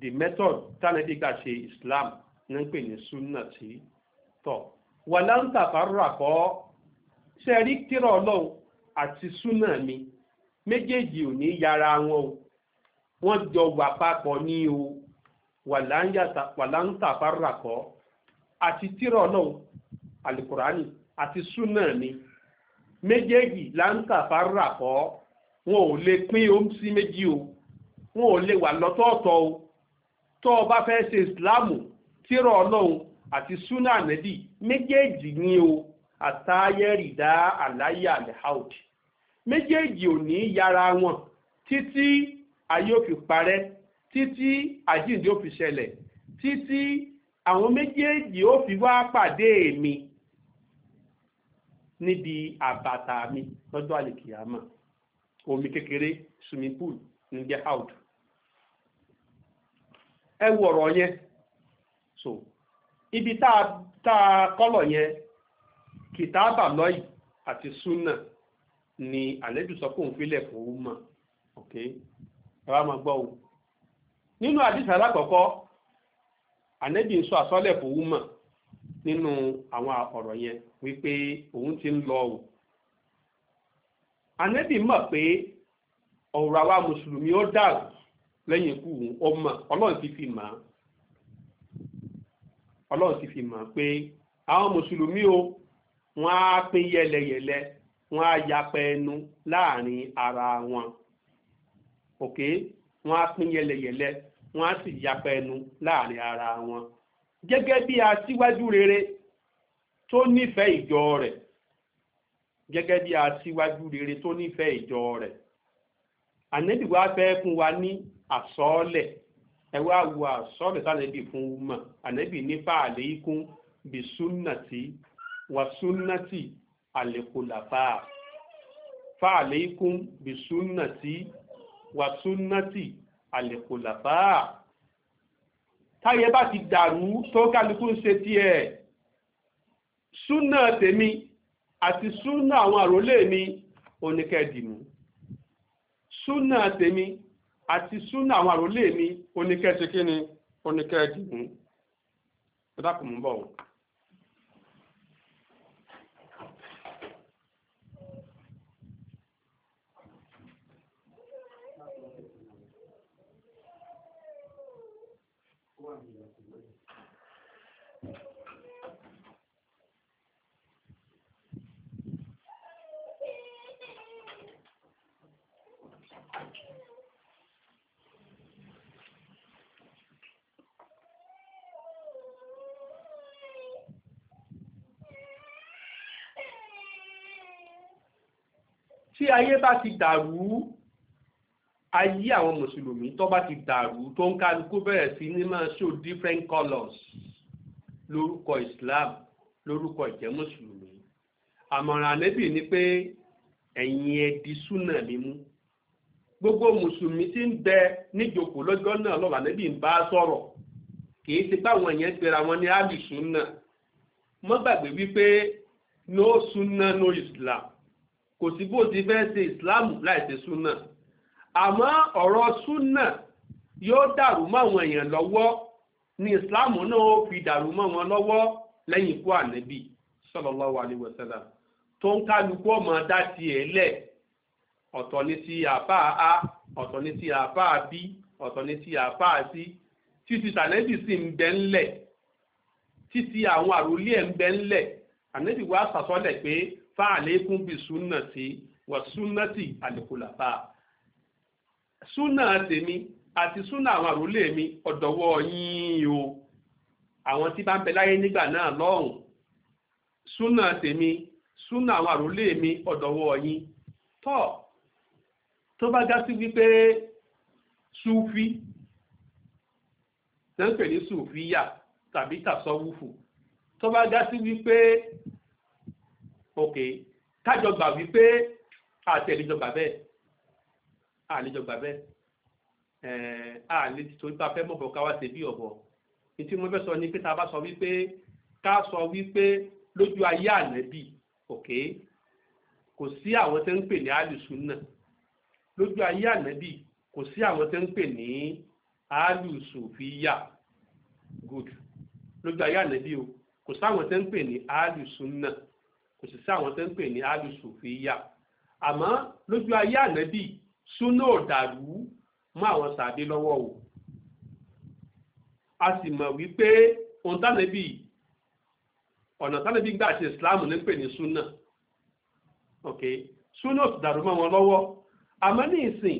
S3: the method tánàbí gbà ṣe islam ní ń pè ní sunna tí tọ̀ wà láǹtà fárúrà kọ́ ṣe rí tírà ọlọ́run àti sunna mi méjèèjì ò ní yára wọn o wọ́n jọ wà papọ̀ ní o wà láǹtà fárúrà kọ́ àti tírà ọlọ́run alukurani àti sunna mi méjèèjì láǹtà fárúrà kọ́ wọn ò lè pín ohun sí méjì o wọn ò lè wà lọ́tọ̀ọ̀tọ̀ o tó o bá fẹ́ ṣe ìsìláàmù tírọ̀ ọlọ́run àti súnà ànẹ́bì méjèèjì ni o àtayẹ̀rìdá àláyé àlẹ́hàùdì méjèèjì ò ní yára wọn títí ayé òfin parẹ́ títí àjíǹde ó fi ṣẹlẹ̀ títí àwọn méjèèjì ó fi wá pàdé mi níbi àbàtà mi lọ́jọ́ àlèkìyàmà omi kékeré swimming pool ń jẹ́ Ewu ọrọ ọ̀rọ̀ yẹn so ibi tá a kọ́lọ̀ yẹn kìtàbà lọ́yì àti súnà ni àlejò sọ pé òun filẹ̀ fún ok ẹ wá máa gbọ́ o nínú àdìsá alákọ̀ọ́kọ́ ń sọ àsọ́lẹ̀ fún un nínú àwọn ọ̀rọ̀ yẹn wípé òun ti ń lọ o ànẹ́bì mọ̀ pé ọ̀rọ̀ àwa mùsùlùmí lẹ́yìn ikú ọmọ ọlọ́run ti fi mà á ọlọ́run ti fi mà á pé àwọn mùsùlùmí o wọ́n á pín yẹlẹyẹlẹ wọ́n á yapa ẹnu láàrin ara wọn ok wọ́n á pín yẹlẹyẹlẹ wọ́n á sì yapa ẹnu láàrin ara wọn gẹ́gẹ́ bí aṣíwájú rere tó nífẹ̀ẹ́ ìjọ rẹ̀ gẹ́gẹ́ bí aṣíwájú rere tó nífẹ̀ẹ́ ìjọ rẹ̀ ànẹ́bí wa fẹ́ fún wa ní àsọ́ọ̀lẹ̀ ẹ wá wo àsọ́ọ̀lẹ̀ sànẹ́bì fún umma ànẹ́bì nípa àléékún bí súnnàtì wà súnnàtì àlékòlàfà fàléékún bí súnnàtì wà súnnàtì àlékòlàfà táyé bá ti dàrú tó kálukú ń ṣe tiẹ̀ súnà tèmi àti súnà àwọn àrólé mi oníkẹ́dìmú súnà tèmi àti súnà àwọn àròlé mi oníkẹ́ṣe kí ni oníkẹ́ẹ̀dì mú ẹ dákun mú bọ̀ wọ́n. tí ayé bá ti dàrú ayé àwọn mùsùlùmí tó bá ti dàrú tó ń kálukú bẹ̀rẹ̀ sí ní máa show different colours lórúkọ Islam lórúkọ ìjẹ́ mùsùlùmí àmọ̀ràn ànẹ́bì ni pé ẹ̀yin ẹ di súnà mi mú gbogbo mùsùlùmí tí ń bẹ níjókòó lọ́jọ́ náà lọ́wọ́ ànẹ́bì ń bá sọ̀rọ̀ kìí ti báwọn èèyàn gbéra wọn ní alùsùnà mọ́ gbàgbé wípé no sunna no Islam kò sí bó ti fẹ́ ṣe ìsìláàmù láì ṣe súnà àmọ́ ọ̀rọ̀ súnà yóò dàrú mọ́ àwọn èèyàn lọ́wọ́ ni ìsìláàmù náà ó fi dàrú mọ́ wọn lọ́wọ́ lẹ́yìn ikú ànábì sallallahu alaihi wasallam tó ń kálukú ọmọ dá tiẹ̀ lẹ̀ ọ̀tọ̀ ni ti àbá a ọ̀tọ̀ ni ti àbá b ọ̀tọ̀ ni ti àbá c títí tànẹ́bì sì ń bẹ ńlẹ̀ títí àwọn àròlé ẹ̀ ń bẹ ńlẹ̀ ànẹ́bì wá sàsọ́lẹ̀ pé fa'alaykum bi sunnati wa sunnati al-khulafa súnà tèmi àti súnà àwọn àrólé mi ọ̀dọ̀wọ́ yín o àwọn tí bá ń bẹ láyé nígbà náà lọ́hùn súnà tèmi súnà àwọn àrólé mi ọ̀dọ̀wọ́ yín tọ́ tó bá já sí wípé súfí tẹ́ńpẹ̀ ní súfíyà tàbí tàsọ́wúfù tó bá já sí wípé ok kájọ gbà wípé àti ẹ̀lẹ́jọ gbà bẹ́ẹ̀ àlejò gbà bẹ́ẹ̀ àlè torí pé a fẹ́ mọ̀bọ̀ ká wá ṣe bí ọ̀bọ̀ ìtí mo fẹ́ sọ ni pé tá a bá sọ wípé ká sọ wípé lójú ayé ànẹ́bì ok kò sí àwọn tẹ́ ń pè ní alùsùnà lójú ayé ànẹ́bì kò sí àwọn tẹ́ ń pè ní alùsùfíyà good lójú ayé ànẹ́bì o kò sáwọn tẹ́ ń pè ní alùsùnà kò sì sí àwọn tó ń pè ní alùsùfìyà àmọ́ lójú ayé ànábì súnà ọ̀dàlú mọ́ àwọn sàbí lọ́wọ́ o a sì mọ̀ wípé ohun tánàbì ọ̀nà tánàbì gbà ṣe islam ní pè ní súnà ok súnà ọ̀dàlú mọ́ wọn lọ́wọ́ àmọ́ ní ìsìn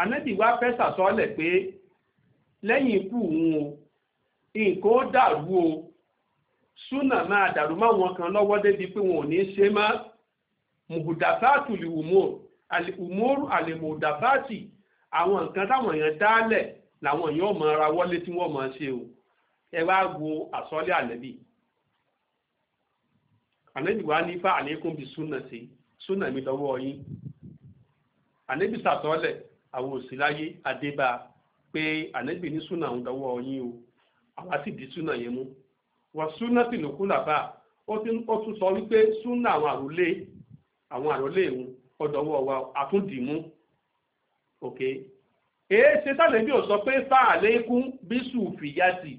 S3: ànábì wá fẹ́ sàsọ́ọ́lẹ̀ pé lẹ́yìn ikú òun o nǹkan ó dàrú o súnà máa dàrú mọ́ wọn kan lọ́wọ́ débi pé wọn ò ní ṣe mọ́ mùdàfáàtù lè wùmọ́ àlèhùmọ́rù àlèmùdàfáàtì àwọn nǹkan táwọn èèyàn dálẹ̀ làwọn èèyàn mọ ara wọlé tí wọ́n máa ṣe o ẹ wá wo àsọ́lé àlẹ́bí àlẹ́bí wa nípa àlékún bíi súnà sí súnà mi lọ́wọ́ yín àlẹ́bí sàtọ́lẹ̀ àwọn òsì láyé adébá pé àlẹ́bí ní súnà òun lọ́wọ́ yín o àwa sì di súnà yẹn mú wọ́n súnà sí lòkú làbá ó tún sọ wípé súnà àwọn àròlé àwọn àròlé ìhun ọ̀dọ̀wọ́ wa àtúndìmú ok èé ṣe sálẹ̀ bí ó sọ pé fàálẹ́kùn bí sùfìyàtì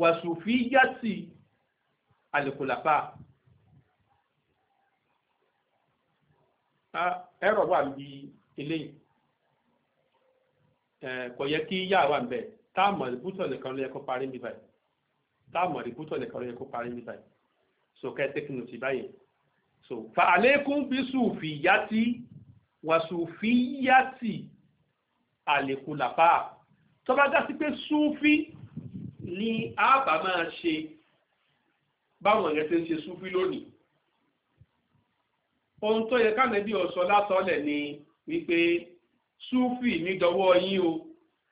S3: wà sùfìyàtì àlèkùlàpá ẹ̀rọ wà bí eléyìí kò yẹ kí yáà ń bẹ̀ táàmù àlùbùsọ̀ nìkan ló yẹ kó parí níbàyìí táàmù àdìgbòtò nìkan ló yẹ kó parí níta so kẹ́tẹ́kì nù ti báyìí so fa àlékún bí sùfìyàtì wà sùfìyàtì àlékún làpá tó bá dá sí pé sùfì ni àbá máa ṣe báwọn èèyàn ti ń ṣe sùfì lónìí ohun tó yẹ kánẹ́bí ọ̀sọ́ látọ̀ọ́lẹ̀ ni wípé sùfì mi dọwọ́ yín o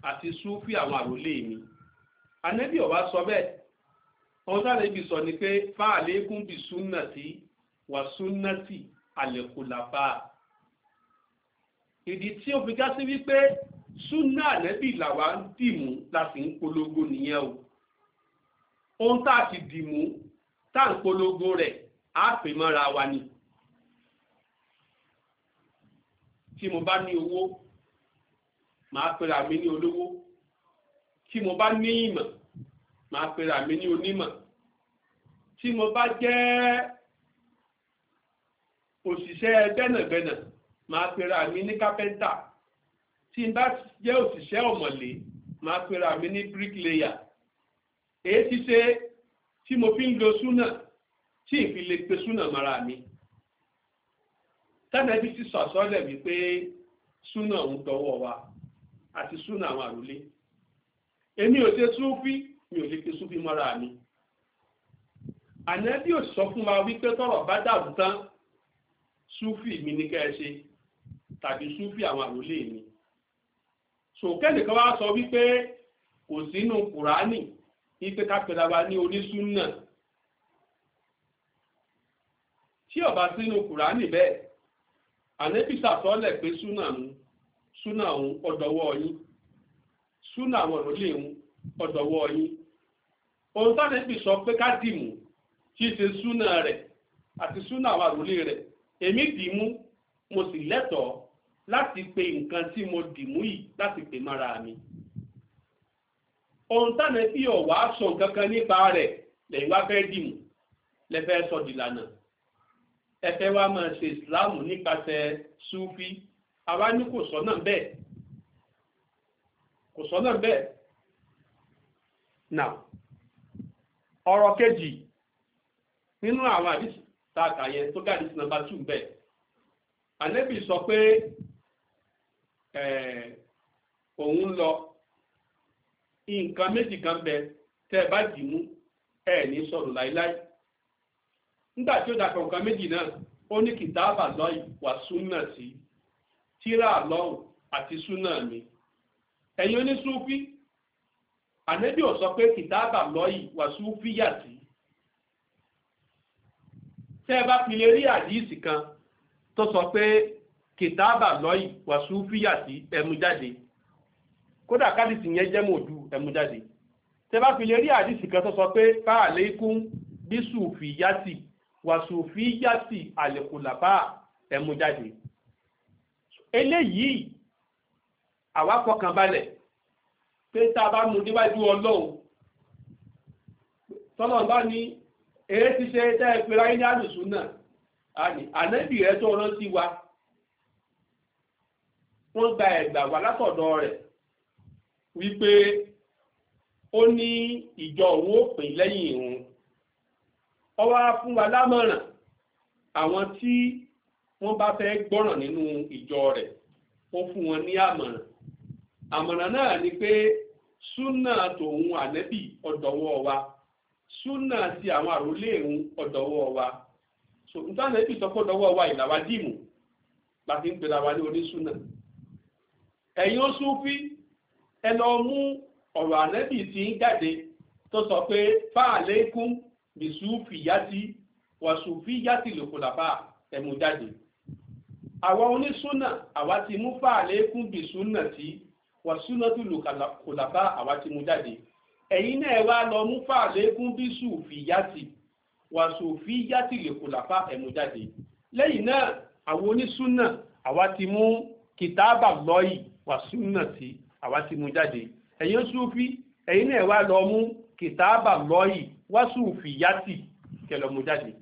S3: àti sùfì àwọn àròlé mi ànẹ́bí ọ̀wá sọ bẹ́ẹ̀ ohun táwọn ibi sọ ni pé fáàlẹ́kùn bí súnnàtì wà súnnàtì àlẹ́kùnláfà ìdí tí ó fi já sí wípé súnnà ànẹ́bì làwa ń dìmú láti ń polongo nìyẹn o ohun tá a ti dìmú tá à ń polongo rẹ̀ á pè mọ́ra wa ni tí mo bá ní owó màá pera mi ní olówó tí mo bá ní ìmọ̀ màá pera mi ní onímọ̀ tí mo bá jẹ́ òṣìṣẹ́ gbẹ́nàgbẹ́nà màá pera mi ní kápẹ́ńtà tí n bá jẹ́ òṣìṣẹ́ ọ̀mọ̀lé màá pera mi ní bíríkìlẹ́yà èyí ti ṣe tí mo fi ń lo súnà tí n fi lè pe súnà mara mi tẹ́lẹ̀ bí ti sọ̀sọ́lẹ̀ wípé súnà ń tọwọ́ wa àti súnà àwọn àròlé èmi ò ṣe súnfí mi ò lè pe súfì mọ́ra mi ànábì ò sọ fún wa wípé tọ́rọ̀ bá dàrú tán súfì mi ní kẹ́ ẹ ṣe tàbí súfì àwọn àròlé mi sòkẹ́nìkan wá sọ wípé kò sínú kùránì wípé ká pẹ̀lú wa ní onísúnà tí ó sínú kùránì bẹ́ẹ̀ ànábì sàtọ́lẹ̀ pé súnà mu súnà òun ọ̀dọ̀wọ́ yín súnà àwọn àròlé òun ọ̀dọ̀wọ́ yín ohun táwọn ẹbí sọ pé ká dìmú tí ṣe súnà rẹ̀ àti súnà àwọn àròlé rẹ̀ èmi dìmú mo sì lẹ́tọ̀ọ́ láti pe nǹkan tí mo dìmú yìí láti pè mọ́ra mi ohun táwọn ẹbí ọ̀wá sọ nǹkan kan nípa rẹ̀ lẹ́yìn wá fẹ́ dìmú lẹ́fẹ́ sọ dìlànà ẹfẹ́ wa máa ṣe ìsìláàmù nípasẹ̀ súfí àwa ní kò sọ́nà bẹ́ẹ̀ kò sọ́nà bẹ́ẹ̀ now Ọrọ kejì nínú àwọn àdìsí tààkà yẹn tó gáàdì sí nàmbà 2 bẹ́ẹ̀ ànẹ́bì sọ pé òun lọ nǹkan méjì kan bẹ tẹ́ ẹ bá dì mú ẹ ní sọ̀rọ̀ láíláí nígbà tí ó dàpọ̀ nǹkan méjì náà ó ní kìtàbà lọ́yì sí tíra lọ́hùn àti mi ẹ̀yin ànẹ́bí ò sọ pé kìtàbà lọ́yì wàásù fíyàtì tẹ́ ẹ bá fi lè rí àdíìsì kan tó sọ pé kìtàbà lọ́yì wàásù fíyàtì ẹ̀mú jáde kódà kádìsì yẹn jẹ́ mòdù ẹ̀mú jáde tẹ́ ẹ bá fi lè rí àdíìsì kan tó sọ pé fáàlẹ́ ikú bí sùfìyàtì wàsùfìyàtì àlẹ́kùlàbà ẹ̀mú eléyìí àwa fọkàn balẹ̀ pé tá a bá mú níwájú ọlọ́run tọ́lọ̀ bá ní èyí ti ṣe tẹ́ ẹ pé ní àlùsùn náà àní ànábì rẹ tó rántí wa wọ́n gba ẹ̀gbà wá látọ̀dọ̀ rẹ̀ wípé ó ní ìjọ òun ó pín lẹ́yìn ìrun ó wá fún wa lámọ̀ràn àwọn tí wọ́n bá fẹ́ gbọ́ràn nínú ìjọ rẹ̀ ó fún wọn ní àmọ̀ràn àmọ̀ràn náà ni pé súnà tòun ànẹ́bì ọ̀dọ̀wọ́ wa súnà ti àwọn àròlé ìhun ọ̀dọ̀wọ́ wa nítorí ànẹ́bì sọ́kọ́ ọ̀dọ̀wọ́ wa ìlàwá dìmù láti ń pera wa ní onísúnà ẹ̀yin ó súnfí ẹ lọ mú ọ̀rọ̀ ànẹ́bì tí ń jáde tó sọ pé fáàlékún bìsúfìyàtì wàsúfìyàtì lòkùnlàbà ẹ̀mú jáde àwa onísúnà àwa ti mú fáàlékún bìsúnà tí wàsúlọ́dún lòkàlàbá àwa ti mú jáde ẹ̀yin náà wá lọ mú fàlẹ́gùn bí sùfìyàtì wàsùfìyàtì lòkàlàbá ẹ̀mú jáde lẹ́yìn náà àwọn onísúnà àwa ti mú kìtàbà lọ́yì wàsúnà tí àwa ti mú jáde ẹ̀yin sùfì ẹ̀yin náà wá lọ mú kìtàbà lọ́yì wàsùfìyàtì kẹlọ́mú jáde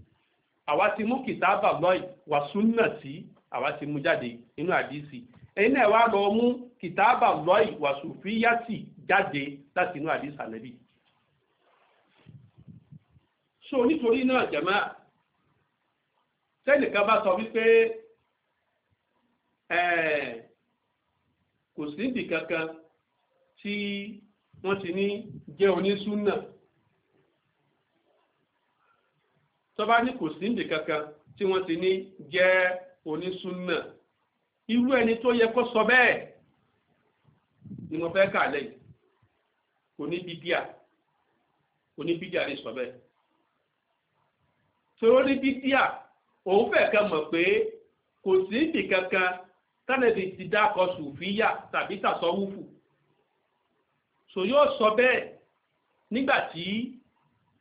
S3: àwa ti mú kìtàbà lọ́yì wàsúnà tí àwa ti mú jáde nínú àdìsí ẹ̀yin náà wá lọ mú kìtàbà lọ́ì wàsùfíyàtì jáde láti inú àdìsá nẹ́bì so nítorí náà jẹ̀mọ́ tẹ́nìkan bá sọ wípé kò kankan tí ti ní kò síbì kankan tí wọ́n ti ní jẹ́ onísúnà. irú ẹni tó yẹ kó sọ bẹ́ẹ̀ ni mo fẹ́ kà lẹ́yìn oníbídíà oníbídíà lè sọ bẹ́ẹ̀ torí oníbídíà òun fẹ́ kan mọ̀ pé kò sí ibì kankan tánàbì ti dákọ̀ sùfíyà tàbí tàsọ́wúfù so yóò sọ bẹ́ẹ̀ nígbà tí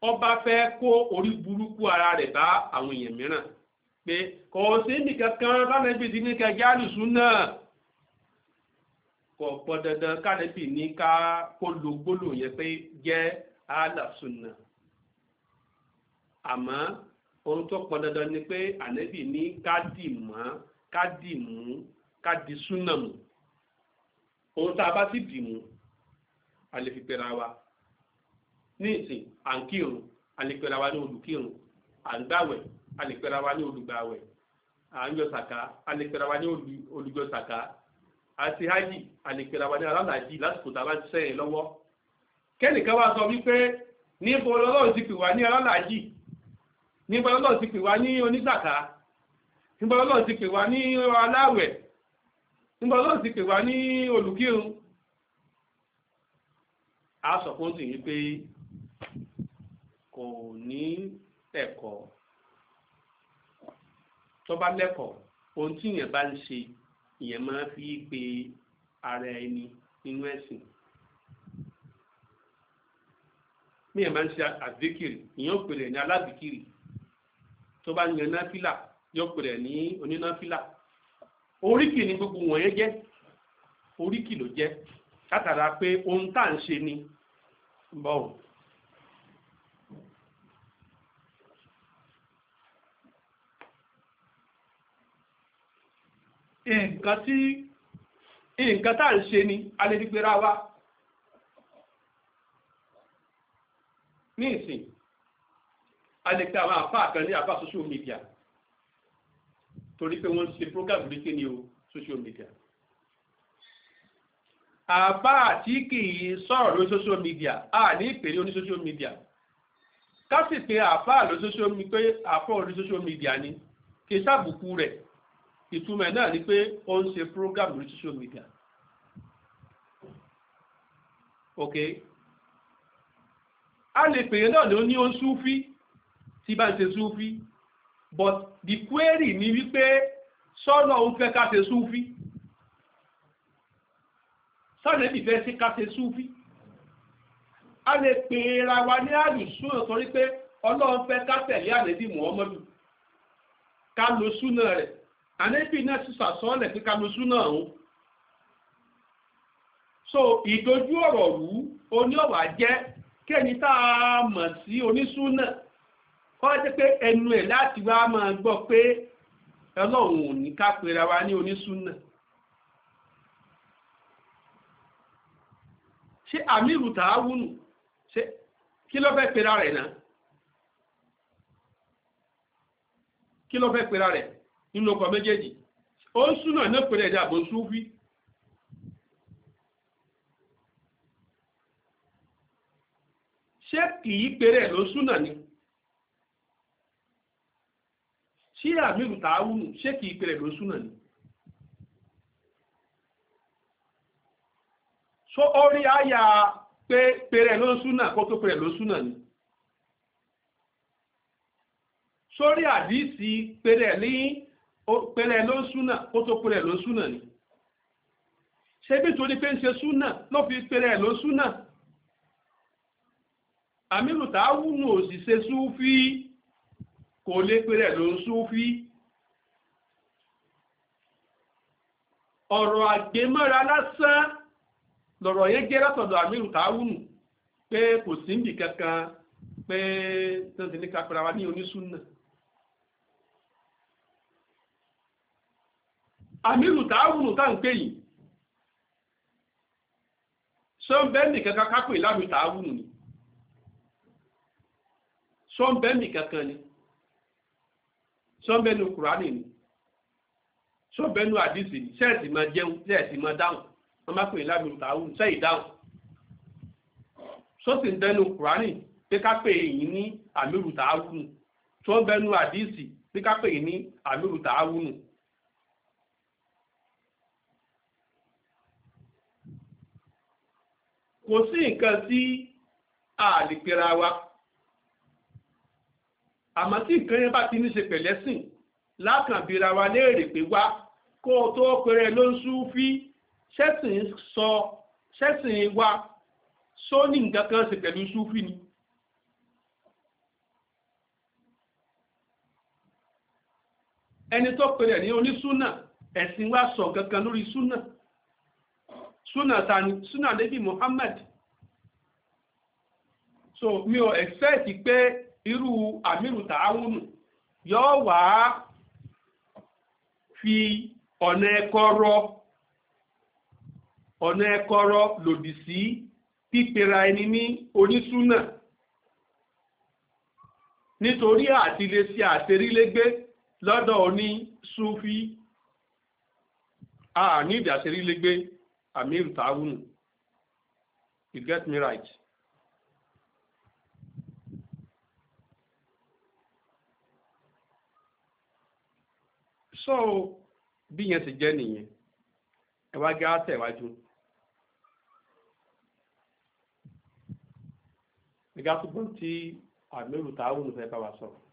S3: ọba fẹ́ kó orí burúkú ara rẹ̀ bá àwọn èèyàn mìíràn pé kò sí nìkan kan kánẹ́bì ti ní kẹjá àlùsùn náà kò pọ̀ dandan kánẹ́bì ní ká kó lo gbólóhùn yẹn pé jẹ́ àlùsùn náà àmọ́ ohun tó pọ̀ dandan ni pé ànẹ́bì ní ká dì mọ́ ká dì mú ká di súnà ohun tá a bá sì dì a lè fi pera wa ní ìsìn à ń kírun a lè pera wa ní olùkírun à ń gbàwẹ̀ a lè pera wa ní olùgbàwẹ̀ à ń yọ sàká a lè pera wa ní olùyọ sàká àti hajj a lè pera wa ní alálàájì lásìkò tá a bá sẹ́yìn lọ́wọ́ kẹ́nìkan wá sọ wípé níbo ti pè wá ní alálàájì níbo ti pè wá ní tó bá lẹ́kọ̀ọ́ ohun tí ìyẹn bá ń ṣe ìyẹn máa fi pe ara ẹni nínú ẹ̀sìn mí ẹ̀ máa ń ṣe àdékìrì ìyẹn ò pèrè ní alábìkìrì tó bá ń yan náfìlà yóò pèrè ní onínáfìlà oríkì ni gbogbo wọ̀nyẹn jẹ́ oríkì ló jẹ́ látara pé ohun tá à ń ṣe ni bọ́ọ̀. nǹkan tí nǹkan tá à ń ṣe ni a lè dìgbé ra wa ní ìsìn a lè pe àwọn àfáà kan ní social media torí pé wọ́n ń program lórí kí ni o social media àbá tí kìí sọ̀rọ̀ lórí social media a ní ìpèrè oní social media ká sì pé àfáà lórí social media ni kì í rẹ̀ ìtumọ̀ náà ni pé ó ń ṣe program lórí social media ok a lè pèyẹ náà ló ní ó ń súfí tí bá ń ṣe súfí but the query ni wípé sọ́nà ó fẹ́ ká ṣe súfí sọ́nẹ́bì fẹ́ sí ká ṣe súfí a lè pèèrà wa ní àlùsùn torí pé ọlọ́run fẹ́ ká tẹ̀lé àlẹ́bí Muhammadu ká lo súnà rẹ̀ ànẹ́bì náà sì sàsọ́ọ̀lẹ̀ pé ká lo súnà òun so ìdojú ọ̀rọ̀ rú oní ọ̀wà jẹ́ kí ẹni tá a mọ̀ sí onísúnà kọ́ jẹ́ pé ẹnu ẹ̀ láti wá máa gbọ́ pé ọlọ́run ò ní ká pera wa ní onísúnà ṣé àmì ìrùtà á wúnù ṣé kí ló fẹ́ pera rẹ̀ náà kí ló fẹ́ pera rẹ̀ nínú ọkọ̀ méjèèjì ó ń súnà náà pẹ̀lú ẹ̀dá àbò súnfí ṣé kìí péré ló súnà ni ṣí àmìrù tààwùnù ṣé kìí péré ló súnà ni so orí àyà pé péré ló súnà kó tó péré ló súnà ni sórí àdìsí péré ní pẹ̀lẹ́ ló ń súnà ó tó pẹ̀lẹ́ ló ń súnà ni ṣé bí torí pé ń ṣe súnà ló fi pẹ̀lẹ́ ló ń súnà àmìlù tààwùnù òṣìṣẹ́ súfí kò lè pẹ̀lẹ́ ló ń súfí ọ̀rọ̀ àgbémọ́ra lásán lọ̀rọ̀ yẹn jẹ́ látọ̀dọ̀ àmìlù tààwùnù pé kò síbi kankan pé tó ti ní kápẹ́ra ní onísúnà. àmìrù tààwùnù tá ń pè yìí sọ́nbẹ́ẹ̀nì kankan kápò ìlànà tààwùnù ni sọ́nbẹ́ẹ̀nì kankan ni sọ́nbẹ́ẹ̀nì kùránì ni sọ́nbẹ́ẹ̀nì àdìsí ni sẹ́ẹ̀sì máa jẹun sẹ́ẹ̀sì máa dáhùn wọ́n máa pè ìlànà tààwùnù sẹ́ẹ̀ dáhùn sọ́sì ń dẹnu kùránì pé kápè yìí ní àmìrù tààwùnù sọ́nbẹ́ẹ̀nì àdìsí pé kápè yìí ní àmìrù tààwùnù. kò sí nǹkan tí a lè pera wa àmọ́ tí nǹkan yẹn bá ti ní ṣe pẹ̀lẹ́sìn lákànbíra wa léèrè pé wá kó o tó pẹrẹ ló ń súfí ṣẹ́sìn sọ ṣẹ́sìn wa só ní nǹkan kan ṣe pẹ̀lú súfí ni. ẹni tó pẹrẹ ní onísúnà ẹ̀sìn wa sọ kankan lórí súnà. suna suna nabi muhammad so mi o expect pe iru amiru ta'awun yo wa fi ona ekoro ona ekoro lodi si pipera eni ni oni suna nitori ati le si aterilegbe lodo oni sufi a ah, ni da aterilegbe Amir Tawun you get me right. so bí yẹn ti jẹ́ nìyẹn ẹ wá gé àtẹ̀wájú ẹ gá tó gbọ́n tí àmì olùtàwọn olùfẹ́ bá wa sọ̀rọ̀.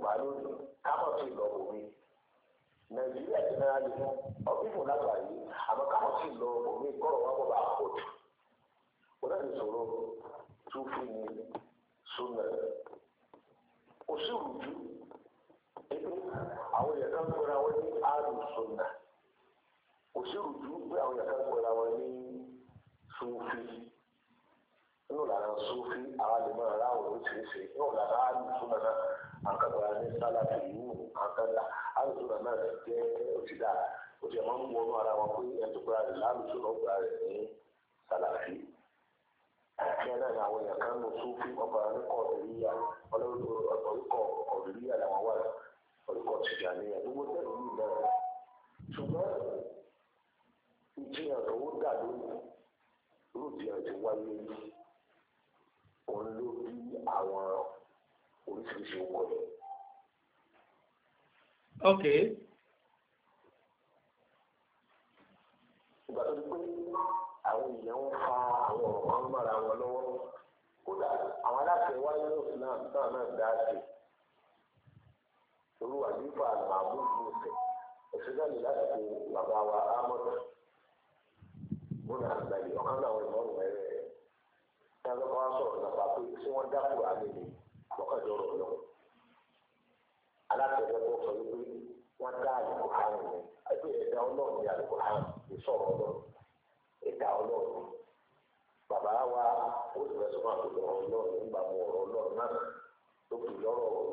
S2: yorùbá lónìí kámọ̀ sí lọ òwe nàìjíríà ti náà lè ọ̀fíìfù lágbàáyé àmọ́ kámọ̀ sí lọ òwe kọ́rọ̀ wọn kọ́ bá pọ̀ jù onáyìí sọ̀rọ̀ tún fi ní súnà kò sí rújú ebi àwọn èèyàn kan pera wọn ní àrùn súnà kò sí rújú pé àwọn èèyàn kan pera wọn ní súnfì nínú ìlànà súnfì àwọn àlè máa ráwọ̀ lóṣìṣẹ́ nínú ìlànà àrùn náà àkàtà ní sálàtì ìwú àkàtà àlùsùnà náà ti jẹ́ òtítà òtí ẹ̀ máa ń wọnú ara wọn pé ẹ̀ tó gbára rẹ̀ lálùsùnà gbára rẹ̀ ní sálàtì. Bẹ́ẹ̀ náà ni àwọn èèyàn kan ń sún fún ọkọ̀ ní kọ̀ọ̀dùríyà ọ̀dùríkọ̀ kọ̀ọ̀dùríyà làwọn wà ọ̀dùkọ̀ tìjà ní ẹ̀dúgbò tẹ̀lé yìí náà. Ṣùgbọ́n ìjìyàn tó dà lónìí lóòjì àti wáyé òun ló bí àwọn oríṣiríṣi owó rẹ̀. ok. ìgbà tó ti pé àwọn èèyàn ń fa àwọn ọ̀rọ̀ wọn mọ́ra wọn lọ́wọ́ kódà àwọn aláṣẹ wáyé lóṣù náà náà náà dá sí i. olúwa nípa àgbàbọ̀ ìlú ọ̀sẹ̀ ọ̀sẹ̀ náà ní lásìkò bàbá wa ámọ́tò wọn náà gbàgbé ọ̀kan náà wọn ìmọ̀ràn rẹ̀ rẹ̀ ṣáà lọ́kọ́ wá sọ̀rọ̀ nípa pé tí wọ́n dákú àmì nìyí. mọ́kàndínlọ́rọ̀ lọ. aláṣẹ sọ wípé wọ́n dá àlùkò àrùn yẹn ẹgbẹ́ ẹ̀dá ọlọ́run ní àlùkò àrùn kì sọ̀rọ̀ ọlọ́run ẹ̀dá ọlọ́run. bàbá wa ó sì fẹ́ sọ fún àtòkò ọlọ́run nígbà mọ ọ̀rọ̀ ọlọ́run náà tó kì na lọ́rọ̀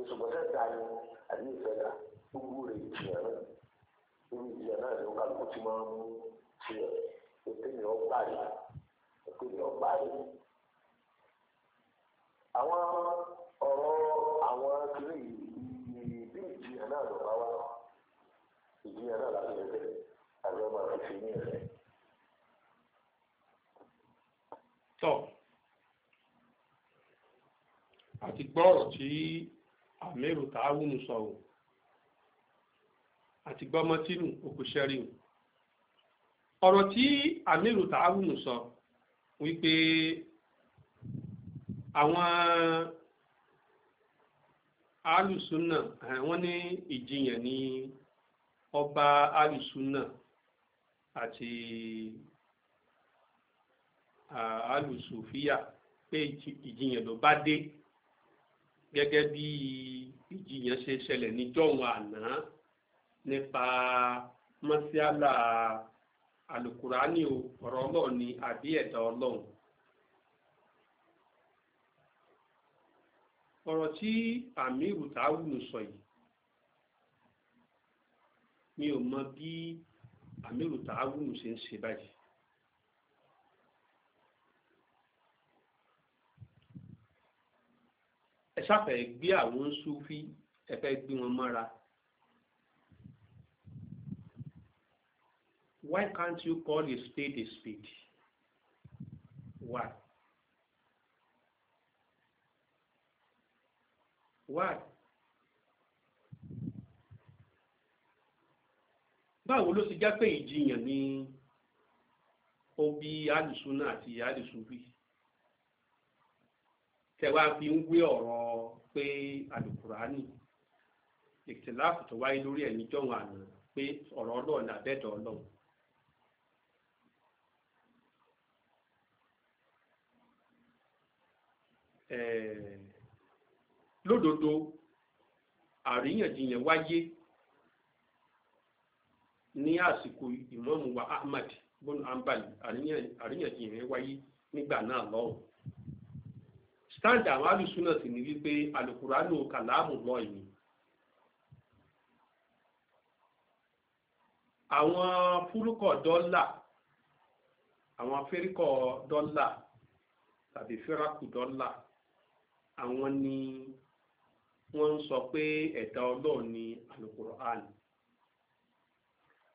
S2: ìṣùgbọ́sẹ̀ ta ni àbí gbogbo rẹ̀ náà náà ni ó àwọn ọ̀rọ̀ àwọn kiri yìí bí ìjìyà náà lọ bá wá ìjìyà náà láti rẹ̀ bẹ́ẹ̀ àbí ọmọ àfẹ́fẹ́ ní ẹ̀rẹ́.
S3: tọ́ àti gbọ́ ọ̀rọ̀ tí àmẹ́rù tààwùmù sọ ò àti gbọ́ mọ́tínù òkúṣẹ́rì ọ̀rọ̀ tí àmẹ́rù tààwùmù sọ wípé. àwọn alùsùnà eh, wọ́n ní ìjìyàn ní ọba alùsùnà àti alùsùfíà pé ìjìyàn ló bá dé gẹ́gẹ́ bí ìjiyàn ṣe ní níjọ́hun àná nípa mọ́síálà alukurani ọ̀rọ̀ ọlọ́run ni àbí ẹ̀dá ọlọ́run ọ̀rọ̀ tí àmírù tààwùnù sọ yìí mi ò mọ bí àmírù tààwùnù ṣe ń ṣe báyìí ẹ ṣàfẹ́ gbé àwọn Súfí ẹ fẹ́ gbé wọn mọ́ra why can't you call a spade a spade why. Why? Báwo ló ti já pé ni ó bí àti alùsùnbí? Tẹ̀wá fi ń gbé ọ̀rọ̀ pé àlùkùránì ìtìláàfù tó wáyé lórí ẹ̀ àná pé ọ̀rọ̀ àbẹ́dọ̀ ọlọ́run. lódodo àríyànjiyàn wáyé ní àsìkò ìmáàmù wa Ahmad bọ́nù ambali àríyànjiyàn wáyé nígbà náà lọ́hùn stand àwọn alùsùnà sì ní wípé alùkùránù kàlámù lọ ìní àwọn fúrúkọ dọ́là àwọn fẹ́ríkọ dọ́là tàbí fẹ́rákù dọ́là àwọn ni wọ́n ń sọ pé ẹ̀dá ọlọ́run ni alukur'an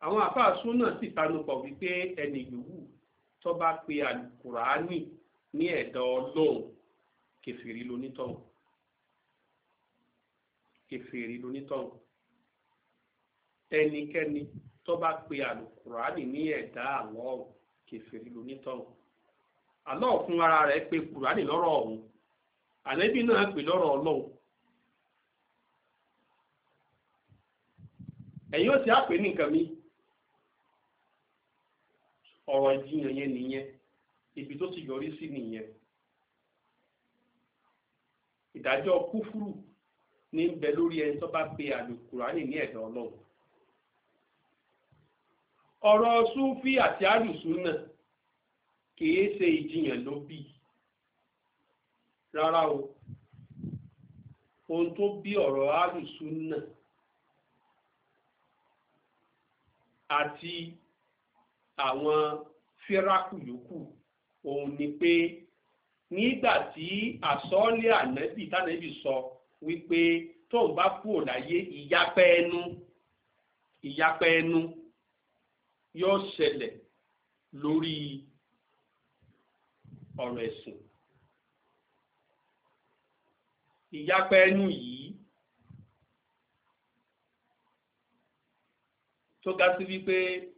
S3: àwọn àfáà súnà sì tanupọ̀ wípé ẹnì yòówù tó bá pe alukur'ani ní ẹ̀dá ọlọ́run kẹfìrí lonítọ̀hún kẹfìrí lonítọ̀hún ẹnikẹ́ni tó bá pe alukur'ani ní ẹ̀dá àwọn kẹfìrí lonítọ̀hún Allah fún ara rẹ̀ pé kur'ani lọ́rọ̀ ọ̀hún àlẹ́bí náà pè lọ́rọ̀ ọlọ́run ẹ̀yin ó sì á pè ní nǹkan ọ̀rọ̀ yẹn ibi tó ti yọrí sí nìyẹn ìdájọ́ kúfúrù ní ń bẹ lórí ẹni tó bá pe àlùkùránì ní ẹ̀dọ̀ ọlọ́run ọ̀rọ̀ àti àlùsùn náà kìí ṣe ló bí o ohun tó bí ọ̀rọ̀ àlùsùn náà àti àwọn fíráàkù yòókù òun ni pé nígbà tí àsọ́ọ́lẹ̀ ànábì tánàbì sọ wípé tóun bá kúrò láyé ìyapẹ́ ẹnu ìyapẹ́ ẹnu yóò ṣẹlẹ̀ lórí ọ̀rọ̀ ẹ̀sìn ìyapẹ́ ẹnu yìí tó ga sí wípé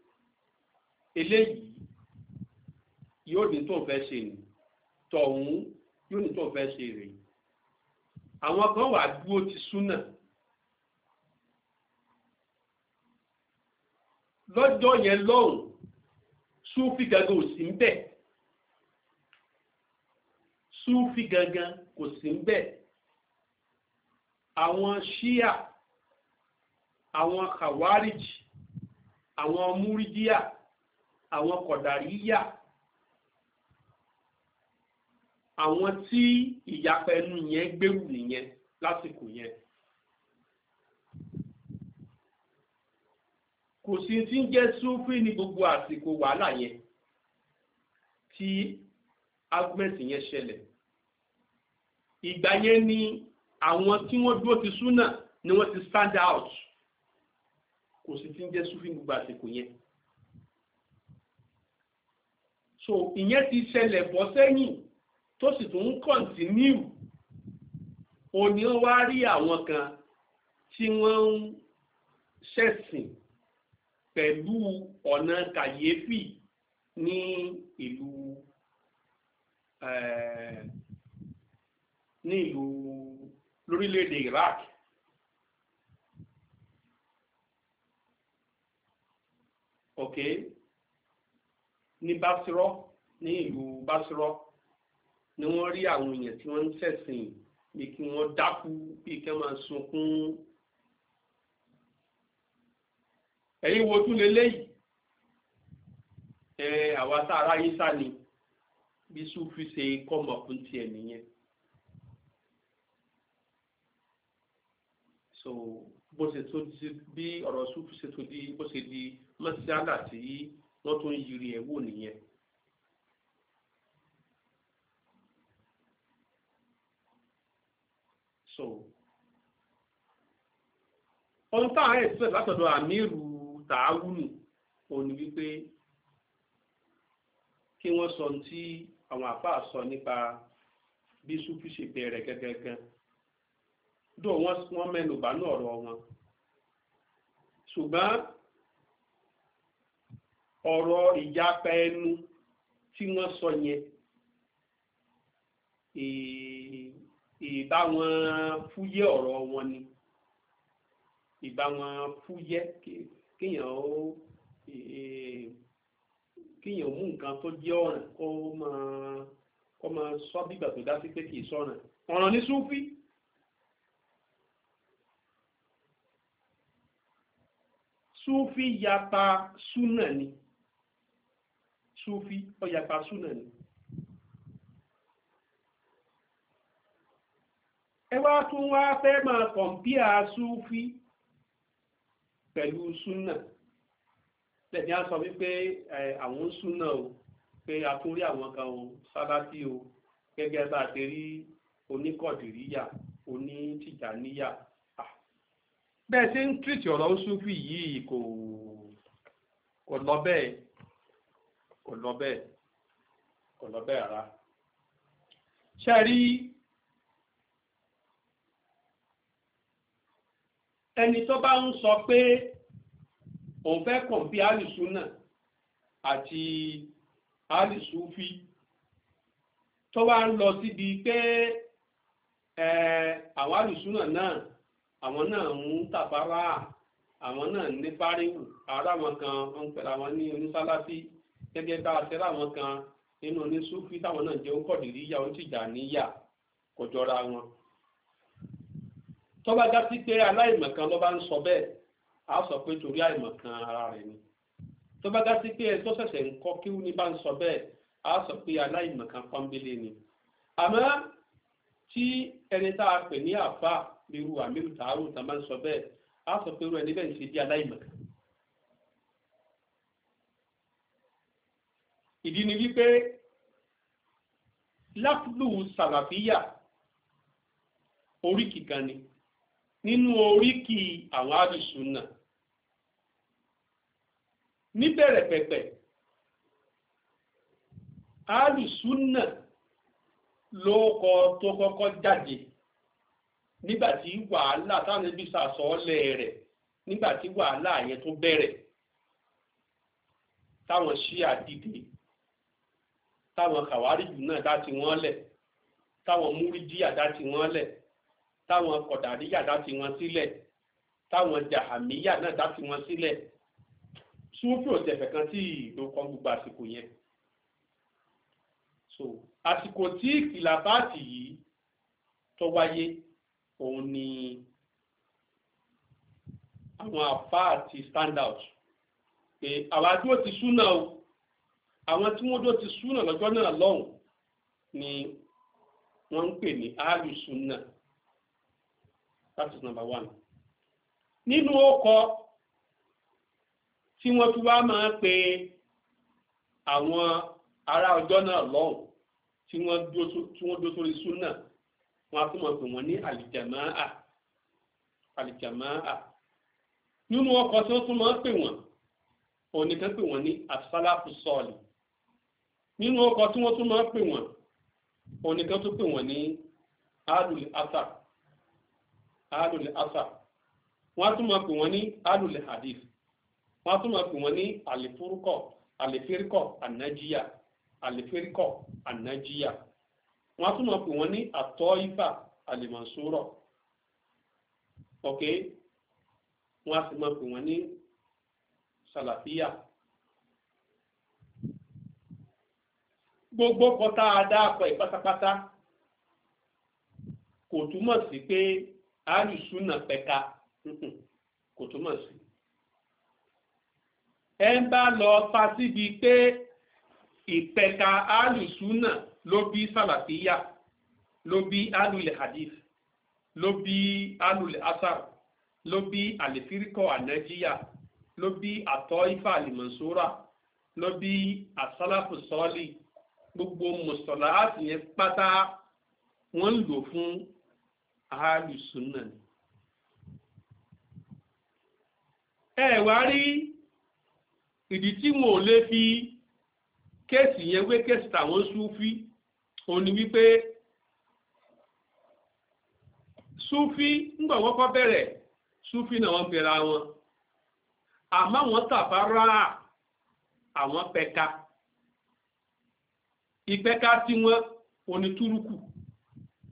S3: eléyìí yóò ní tó fẹ́ ṣe ni tọ̀hún yóò ní tó fẹ́ ṣe rèé àwọn kan wà dúró ti súnà lọ́jọ́ yẹn lọ́hùn súfì gangan ò sí ń bẹ̀ súfì gangan kò sí ń bẹ̀ àwọn ṣíà àwọn kàwárìjì àwọn múrídíà àwọn kọ̀dàríyà àwọn tí ìyapa ẹnu yẹn gbéwù nìyẹn lásìkò yẹn. kò sí tí ń jẹ́ súfì ní gbogbo àsìkò wàhálà yẹn tí argument yẹn ṣẹlẹ̀ ìgbà yẹn ni àwọn tí wọ́n dúró ti súnà ni wọ́n ti stand out kò sí ti ń jẹ́ súfì gbogbo àsìkò yẹn so ìyẹn ti ṣẹlẹ̀ bọ́ sẹ́yìn tó sì tún ń kọ̀ǹtínú òní wá rí àwọn kan tí wọ́n ń ṣẹ̀sìn pẹ̀lú ọ̀nà kàyéfì ní ìlú eh, ní ìlú lórílẹ̀‐èdè Iraq ok ní Basirọ ní ìlú Basirọ ni wọ́n rí àwọn èèyàn tí wọ́n ń ṣẹ̀sìn bí kí wọ́n dákú bí kí wọ́n máa sunkún ẹ̀yin wo tún leléyìí ẹ àwa tá a ráyé sá ni bí Súfì ṣe kọ́mọ̀ fún tiẹ̀ nìyẹn. so bó ṣe tó di bí ọ̀rọ̀ Súfì ṣe tó di bó ṣe di mọ́sálà tí wọ́n tún yiri ẹ̀ wò nìyẹn. so ohun táwọn ẹ̀sìn látọ̀dọ̀ àmírù tààwùnù òun ni wípé kí wọ́n sọ tí àwọn àpá sọ nípa bí súfì ṣe bẹ̀rẹ̀ gẹ́gẹ́gẹ́ dó wọ́n mẹ́nu bà ní ọ̀rọ̀ wọn ṣùgbọ́n ọ̀rọ̀ ìyapa ẹnu tí wọ́n sọ yẹn ìbá wọn fúyẹ́ ọ̀rọ̀ wọn ni ìbá wọn fúyẹ́ kéèyàn ó kéèyàn mú nǹkan tó jẹ́ ọ̀ràn kó máa kó máa sọ bígbà tó dá sí pé kì í sọ̀ràn ọ̀ràn ní súfì. súfì yapa súnà ni súfí ọ̀yàpá súnà ni. ẹ wá tún wá fẹ́ máa kọ̀m̀pìà súfí pẹ̀lú súnà lẹ́yìn a sọ wípé àwọn súnà o pé a tún rí àwọn kan o sáláfí o gẹ́gẹ́ bá a ti rí oníkọ̀dìríyà onítìjàníyà bẹ́ẹ̀ ṣe ń tìrìtì ọ̀rọ̀ súfì yìí kò lọ bẹ́ẹ̀ kò lọ bẹ́ẹ̀ kò lọ bẹ́ẹ̀ rárá. ṣe rí ẹni tó bá ń sọ pé òun fẹ́ kàn bí alùsùnà àti alùsùnfì tó wá ń lọ síbi pé àwọn alùsùnà náà àwọn náà ń tàbárà àwọn náà ní fáríwù ara wọn kan wọn pẹ̀lú àwọn ní onísálásí gẹ́gẹ́ bá a ṣe láwọn kan nínú oníṣúfì táwọn náà jẹ́ òǹkọ̀dìríyà òǹtìjàníyà kò jọra wọn. tó bá já sí pé aláìmọ̀kan ló bá ń sọ bẹ́ẹ̀ á sọ pé torí àìmọ̀kan ara rẹ̀ ni tó bá já sí pé ẹ tó ṣẹ̀ṣẹ̀ ń kọ́ kí wúni bá ń sọ bẹ́ẹ̀ á sọ pé aláìmọ̀kan pọ́nbélé ni. àmọ́ tí ẹni tá a pè ní àfà irú àmì ìtààrù tá a máa ń sọ bẹ́ẹ̀ á sọ pé irú ẹni bẹ́ẹ̀ ń ṣe bí aláìmọ̀kan ìdí ni wípé láfùlù sàlàfíyà oríkì kan ni nínú oríkì àwọn àdìsùn náà níbẹ̀rẹ̀ pẹ̀pẹ̀ alùsùnà ló kọ tó kọ́kọ́ jáde nígbàtí wàhálà tánibí sàsọ́ọ́lẹ̀ rẹ̀ nígbàtí wàhálà yẹn tó bẹ̀rẹ̀ táwọn ṣíà dìde táwọn kàwáríjù náà dá ti wọ́n lẹ̀ táwọn múrídíà dá ti wọ́n lẹ̀ táwọn kọ̀dàríyà dá ti wọ́n sílẹ̀ táwọn jàhámíyà náà dá ti wọ́n sílẹ̀ súnfì òtẹ̀fẹ̀ kan tí ìlú kan gbogbo àsìkò yẹn so àsìkò tí ìkìlàbáàtì yìí tó wáyé òun ni àwọn àfáà ti stand out pé àwájú ò ti súná o àwọn tí wọ́n jọ ti súnà lọ́jọ́ náà lọ́hùn ni wọ́n ń pè ní alùsùnà that is number one nínú ọkọ̀ tí wọ́n fi wá máa pe àwọn ará ọjọ́ náà lọ́hùn tí wọ́n dó sórí súnà wọ́n á tún mọ̀ pé wọ́n ní àlìjàmáà àlìjàmáà nínú ọkọ̀ tí wọ́n tún máa ń pè wọ́n òun nìkan pè wọ́n ní asálàfù sọ́ọ̀lì nínú ọkọ̀ tí wọ́n tún máa pè wọ́n òun nìkan tún pè wọ́n ní alùlẹ̀ asà alùlẹ̀ asà wọ́n tún máa pè wọ́n ní alùlẹ̀ hadith wọ́n tún máa pè wọ́n ní àlèfúrúkọ̀ àlèfẹ́ríkọ̀ ànájíyà àlèfẹ́ríkọ̀ ànájíyà wọ́n tún máa pè wọ́n ní àtọ́ ifá àlèmọ̀súrọ̀ ok gbogbo kọta adáàpọ̀ ìpátápátá kò túmọ̀ sí pé alùsùnà pẹ̀ka kò túmọ̀ sí. ẹ ń bá lọ fa síbi pé ìpẹ̀ka alùsùnà ló bí sàlàfíyà ló bí alùlẹ̀ hadith ló bí alùlẹ̀ asar ló bí àlèfíríkọ̀ ànájíyà ló bí àtọ́ ifá àlìmọ̀sóra ló bí àsálàfù sọ́ọ̀lì gbogbo mùsọ̀lá àti yẹn pátá wọ́n ń lò fún àálùsùnà ni. ẹ wá rí ìdí tí wọn ò lè fi kéèsì yẹn wé kéèsì tàwọn súfí òun ni wípé súfí ńgbà wọ́n kọ́ bẹ̀rẹ̀ súfí náà wọ́n pera wọn àmọ́ wọ́n tàbá rárá àwọn pẹ̀ka ìpẹ́ká tí wọ́n onítúrùkù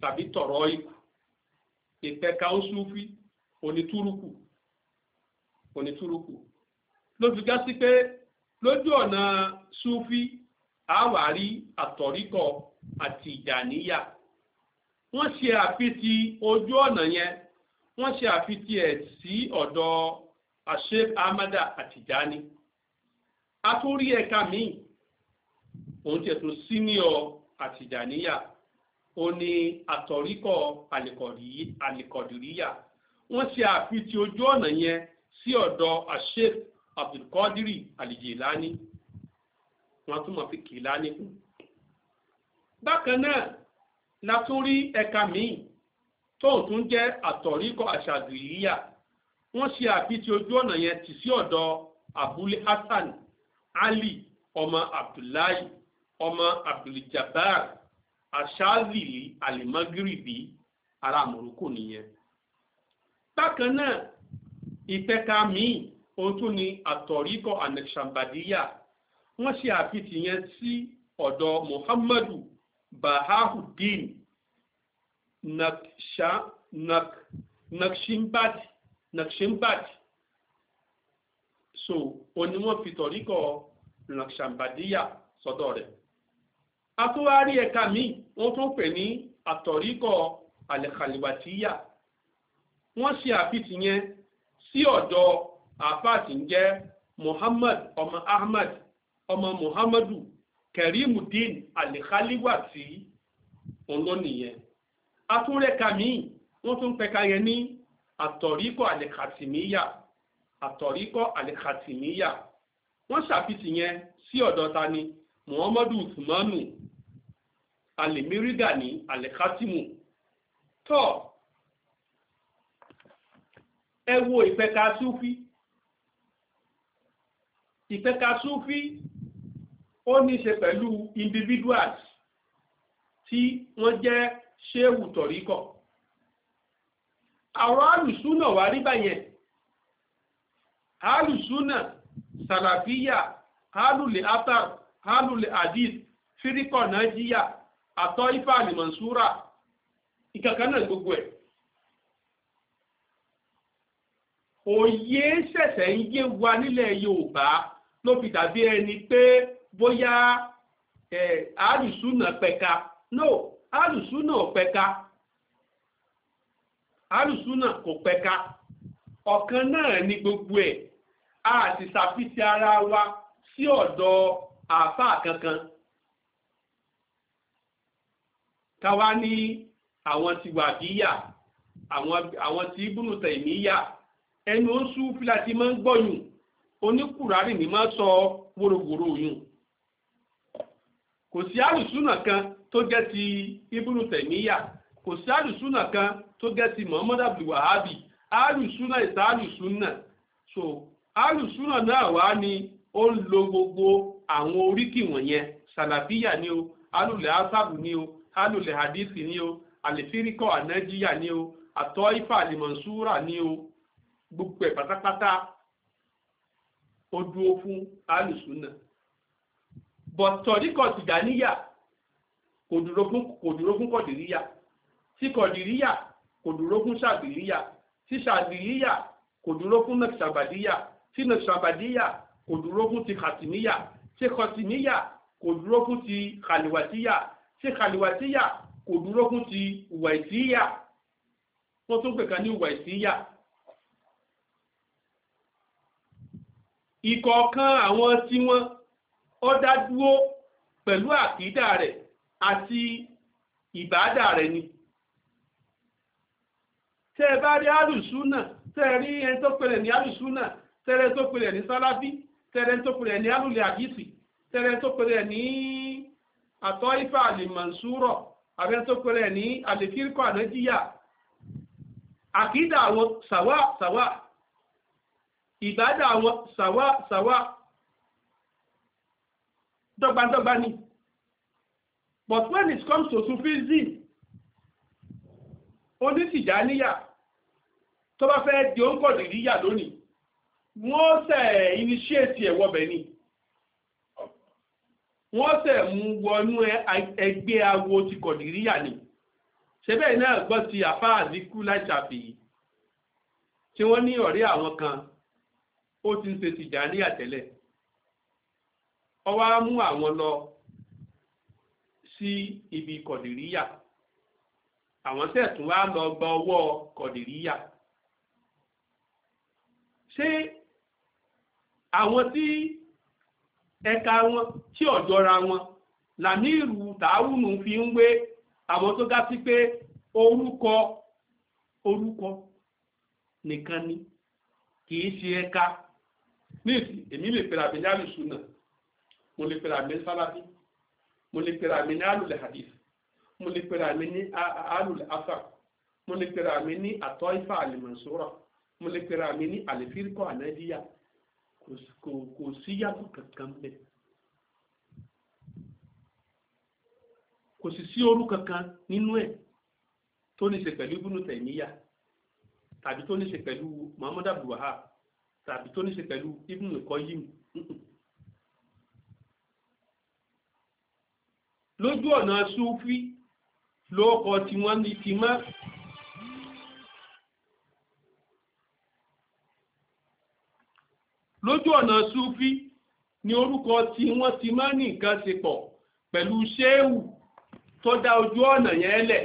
S3: tàbí tọ̀rọ̀ ikú ìpẹ́ká oṣùfì onítúrùkù onítúrùkù ló fi gá sí pé lójú ọ̀nà ṣúfì àwárí àtọ̀ríkọ àti ìjàníyà wọ́n ṣe àfitì ojú ọ̀nà yẹn wọ́n ṣe àfitì ẹ̀ sí ọ̀dọ̀ àṣẹ amada àtìjáni a tún rí ẹ̀ka míì òun tiẹ̀ tún síníọ̀ àtìjàníyà ó ní àtọ̀ríkọ̀ àlìkọ̀dìríyà wọ́n ṣe àfitì ojú ọ̀nà yẹn sí ọ̀dọ̀ àṣef abdulkadiri alijilani wọ́n tún mọ̀ fi kìlá níkùn. bákan náà la tún rí ẹ̀ka míì tóun tún jẹ́ àtọ̀ríkọ̀ àṣàdìríyà wọ́n ṣe àfitì ojú ọ̀nà yẹn tì sí ọ̀dọ̀ abul hasan ali ọmọ abdullahi ọmọ abduljabar aṣáàzìlì alimagiribi ará morocco nìyẹn bákan náà ìpẹ̀ka míì ohun ni ní àtọ̀ríkọ anẹ̀sàmbàdíyà wọ́n ṣe àfitìyẹn sí ọ̀dọ̀ muhammadu bahauddin nakṣimbadi nakṣimbadi so òní wọ́n fi tọ̀ríkọ anẹ̀sàmbàdíyà sọ́dọ̀ rẹ̀ a tún wá rí ẹ̀ka míì wọ́n tún pè ní àtọ̀ríkọ̀ àlẹ̀kàlìwàtíyà wọ́n ṣe àfihàn yẹn sí ọ̀dọ̀ àfáà ń jẹ́ Muhammad ọmọ Ahmed ọmọ Muhammadu Kerimudin àlẹ̀kàlìwàtí òun ló nìyẹn a tún rẹ̀ka míì wọ́n tún pẹ̀ka yẹn ní àtọ̀ríkọ̀ àlẹ̀kàtìmíyà àtọ̀ríkọ̀ àlẹ̀kàtìmíyà wọ́n ṣàfihàn yẹn sí ọ̀dọ̀ ta ni Muhammadu Usmanu alìmírígà ní alìkátìmù tọ́ ẹ wo ìpẹ́ka súfí ìpẹ́ka súfí ó ní ṣe pẹ̀lú individuals tí wọ́n jẹ́ ṣéwù tọ̀ríkọ̀ àwọn alùsúnà wà rí báyẹn alùsúnà sàlàfíyà alùlẹ̀ atar alùlẹ̀ adis fíríkọ̀ náà atọ ife àlìmọ̀nsúrà ìkankan náà gbogbo ẹ̀ òye ṣẹ̀ṣẹ̀ ń yé wa nílẹ̀ Yorùbá ló fi dàbí ẹni pé bóyá àlùsùnà pẹ̀ka no àlùsùnà ò pẹ̀ka àlùsùnà kò pẹ̀ka ọ̀kan náà ni gbogbo ẹ̀ a sì ṣàfihàn ara wa sí ọ̀dọ̀ àáfàá kankan. káwá ní àwọn ti wàdíyà àwọn ti ibùnú tẹ̀míyà ẹnu oṣù fìlàtí máa ń gbọ́yùn oníkùrárì ní máa sọ wóróworó yùn kò sí kan tó jẹ́ ti ibùnú tẹ̀míyà kò sí kan tó jẹ́ ti Muhammad Abdul Wahabi ìta so àlùsùnà náà wá ní ó ń lo gbogbo àwọn oríkì wọ̀nyẹn ni o alùlẹ̀ asábù ni o alùlẹ̀ hadithi ni o àlèfíríkọ̀ ànájíyà ni o àtọ́ ifá àlìmọ̀nsúrà ni o gbogbo ẹ̀ pátápátá ó dúró fún alùsùnà bọ̀tọ̀ríkọ̀ tìjàníyà kò dúró fún kọ̀dìríyà tí kọ̀dìríyà kò dúró fún ṣàbìríyà tí ṣàbìríyà kò dúró fún nàkṣàbàdíyà tí nàkṣàbàdíyà kò dúró fún ti kàtìníyà tí kàtìníyà kò dúró fún ti kàlìwàtíyà ṣé kàlíwàtíyà kò dúrógún ti ìwà ìsíyà wọ́n tún pè kan ní ìwà ìsíyà. ìkọ̀ọ̀kan àwọn tí wọ́n ó dá pẹ̀lú àkídà rẹ̀ àti ìbádà rẹ̀ ni. tẹ́ ẹ bá rí àlùsúnà tẹ́ ẹ rí ẹni tó pèlè ní àlùsúnà tẹ́ ẹ tó pèlè ní sálábí tẹ́ ẹ tó pèlè ní àlùlẹ̀ àdìsí tẹ́ ẹ tó pèlè ní àtọ́ ifá àlèmọ̀súrọ̀ abẹ́ tó pẹ̀rẹ̀ ní àlèfíríkọ̀ ànájíyà àkídà àwọn sàwà sàwà ìbádà àwọn sàwà sàwà dọ́gbandọ́gba ni but when it comes to Sufism onítìjáníyà tó bá fẹ́ di ó ń kọ̀ dìríyà lónìí wọ́n sẹ̀ initiate ẹ̀wọ̀bẹ̀ ni wọ́n tẹ̀ mú wọnú ẹgbẹ́ awo ti kọ̀dìríyà ni ṣẹ́bẹ̀ náà gbọ́ ti àfáàdínkù láìsàfì yìí tí wọ́n ní ọ̀rẹ́ àwọn kan ó ti ń ṣe tìjàníyà tẹ́lẹ̀ ó wá mú àwọn lọ sí ibi kọ̀dìríyà àwọn tẹ̀sùn wá lọ gba ọwọ́ kọ̀dìríyà ṣé àwọn tí ẹ̀ka wọn tí ọ̀jọ́ra wọn làmírù tààwùnù fi ń wé àwọn tó gá sí pé orúkọ orúkọ nìkan ni kì í ṣe ẹ̀ka níìsì èmi lè pèrè àmì ní àlùsùnà mo lè pèrè àmì ní mo lè pèrè àmì ní àlùlẹ̀ hadith mo lè pèrè àmì ní àlùlẹ̀ asar mo lè pèrè àmì ní àtọ́ ifá àlìmọ̀sọ́rọ̀ mo lè pèrè àmì ní àlìfíríkọ̀ ànájíyà kò sí yàtọ̀ kankan bẹ́ẹ̀ kò sì sí orú kankan nínú ẹ̀ tó ní ṣe pẹ̀lú ibùnú tẹ̀míyà tàbí tó ní ṣe pẹ̀lú Muhammad Abdul Wahab tàbí tó ní ṣe pẹ̀lú ibùnú Qayyim lójú ọ̀nà Sufi lóókọ tí wọ́n ní ti mọ́ lójú ọ̀nà sufi ni orúkọ tí wọ́n ti máa ní nǹkan ṣe pọ̀ pẹ̀lú ṣéwù tó dá ojú ọ̀nà yẹn lẹ̀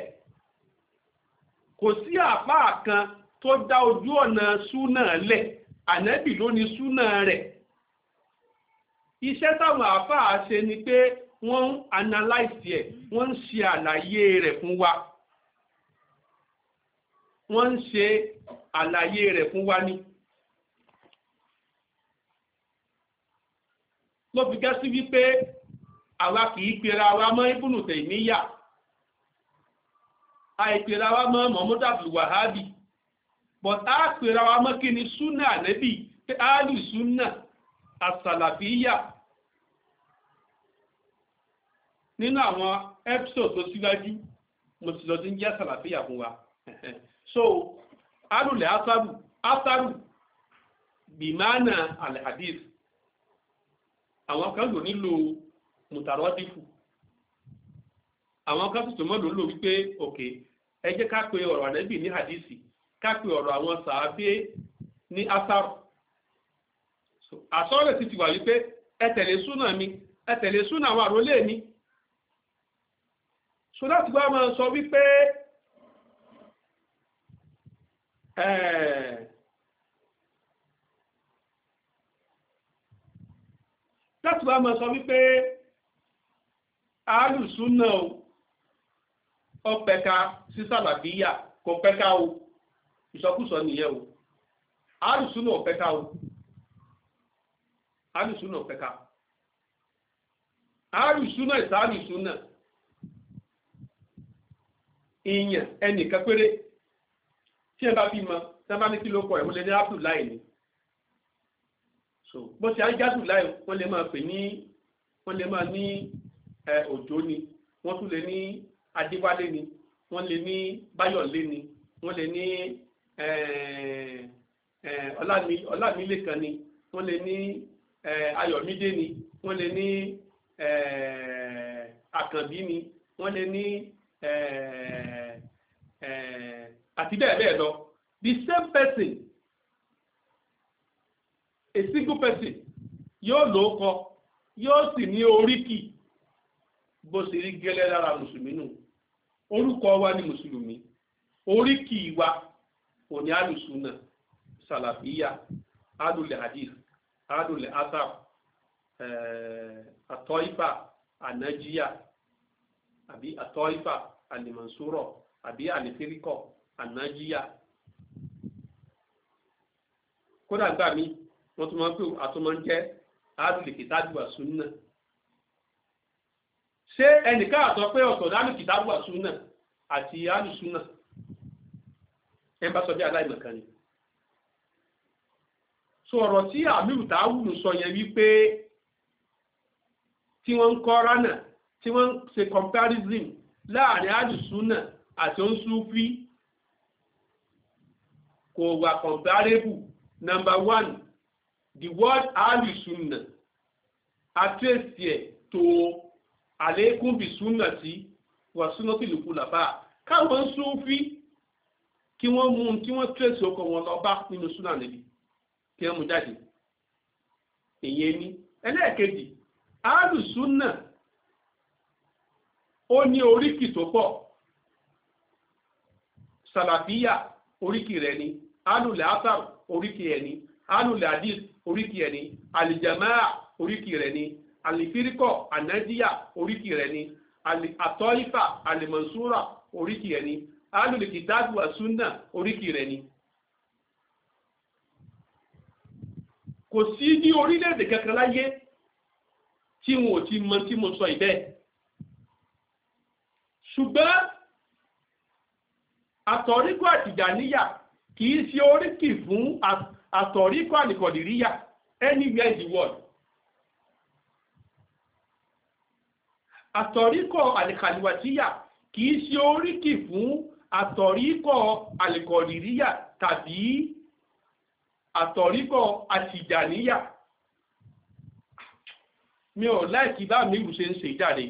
S3: kò sí àpá kan tó dá ojú ọ̀nà súnà lẹ̀ ànẹ́bì ló ní súnà rẹ̀ iṣẹ́ táwọn àáfàá ṣe ni pé wọ́n ń analyse ẹ̀ wọ́n ń ṣe àlàyé rẹ̀ fún wa wọ́n ń ṣe àlàyé rẹ̀ fún wa ni. ló fi gá sí wípé àwa kì í pera wa mọ́ Ibnu Taymiya àìpera wa mọ́ Muhammad Abdul Wahhabi but a pera wa mọ́ kí ni súnà ànẹ́bì áàlù súnà àsàlàfíyà nínú àwọn episode tó síwájú mo ti lọ sí ń jẹ́ sàlàfíyà fún wa so alùlẹ̀ asaru asaru bìmánà alhadith àwọn kan lò nílò mùtàrọ́dìfù àwọn kan tuntun mọ́ ló lò wípé òkè ẹ jẹ́ ká pe ọ̀rọ̀ ní hadisi ká pe ọ̀rọ̀ àwọn sàábé ní asaro àsọ́rẹ̀ ti ti wà wípé ẹ tẹ̀lé mi ẹ tẹ̀lé súnà àwọn mi láti wá máa sọ wípé àálùsùn náà sí sàlàbíyà kò o ìsọkúsọ nìyẹn o àálùsùn náà ọpẹka o àálùsùn náà ọpẹka àálùsùn náà ìsàálùsùn náà ìyàn ẹnìkan péré tí ẹ bá bí mọ tí ní kí ló kọ ẹ mo ní so bó ṣe ájádù láì wọ́n lè máa pè ní wọ́n lè máa ní òjò ni wọ́n tún lè ní adéwálé ni wọ́n lè ní báyọ̀lé ni wọ́n lè ní ọlámílékan ni wọ́n lè ní ayọ̀mídé ni wọ́n lè ní àkànbí ni wọ́n lè ní àti bẹ́ẹ̀ bẹ́ẹ̀ lọ the same person a single person yóò lóókọ yóò sì ní oríkì bó ṣe rí gẹ́lẹ́ lára mùsùlùmí nù orúkọ wa ni mùsùlùmí oríkì wa òní alùsùnà sàlàfíà alùlẹ̀ hadith alùlẹ̀ asaf àtọ́ífà ànájíyà àbí àtọ́ífà àlìmọ̀súrọ̀ àbí àlìfíríkọ̀ ànájíyà kódà gbà mí wọ́n tún máa ń pè àtúmọ̀ ń jẹ́ áàdùlì kìtàbù àsúnà ṣé ẹnìkan àtọ́ pé ọ̀tọ̀ dánù kìtàbù àsúnà àti àlùsúnà ẹ bá sọ bí aláìmọ̀kan ni so ọ̀rọ̀ tí àmìrù táwùrù sọ yẹn wípé tí wọ́n ń kọ́ ránà tí wọ́n ń ṣe comparison láàrin àlùsúnà àti oníṣúfí kò wà comparable number one the word ahlu sunna a trace it to "alekun bi sunnati wa sunnati lukulaba káwọn sufi kí wọ́n mú un tí wọ́n trace ọkọ̀ wọn lọ bá nínú sunna níbi kí wọ́n mú jáde èyí ni ẹlẹ́ẹ̀kejì ahlu sunna ó ní oríkì tó pọ̀ salafiya oríkì rẹ̀ ni alùlẹ̀ asar oríkì ẹ̀ ni alùlẹ̀ hadith oríkì ẹ̀ ní alìjàmáà oríkì rẹ̀ ní alìfíríkọ̀ ànájíyà oríkì rẹ̀ ní àtọ́ífà alìmọ̀súrà oríkì ẹ̀ ní alùlùkìtàbù àsúnà oríkì rẹ̀ ní. kò sí ní orílẹ̀-èdè kankan láyé tí wọn ò ti mọ tí mo sọ ìbẹ́ẹ̀ ṣùgbọ́n àtọ̀ríkọ̀ àtìjàníyà kì í ṣe oríkì fún àtọ̀ríkọ̀ àlìkọ̀dìríyà anywhere in the world àtọ̀ríkọ̀ àlìkàlùwàtíyà kìí ṣe oríkì fún àtọ̀ríkọ̀ àlìkọ̀dìríyà tàbí àtọ̀ríkọ̀ àtìjàníyà mi ò láìkí bá mi ìrùsẹ̀ ń ṣe ìjáde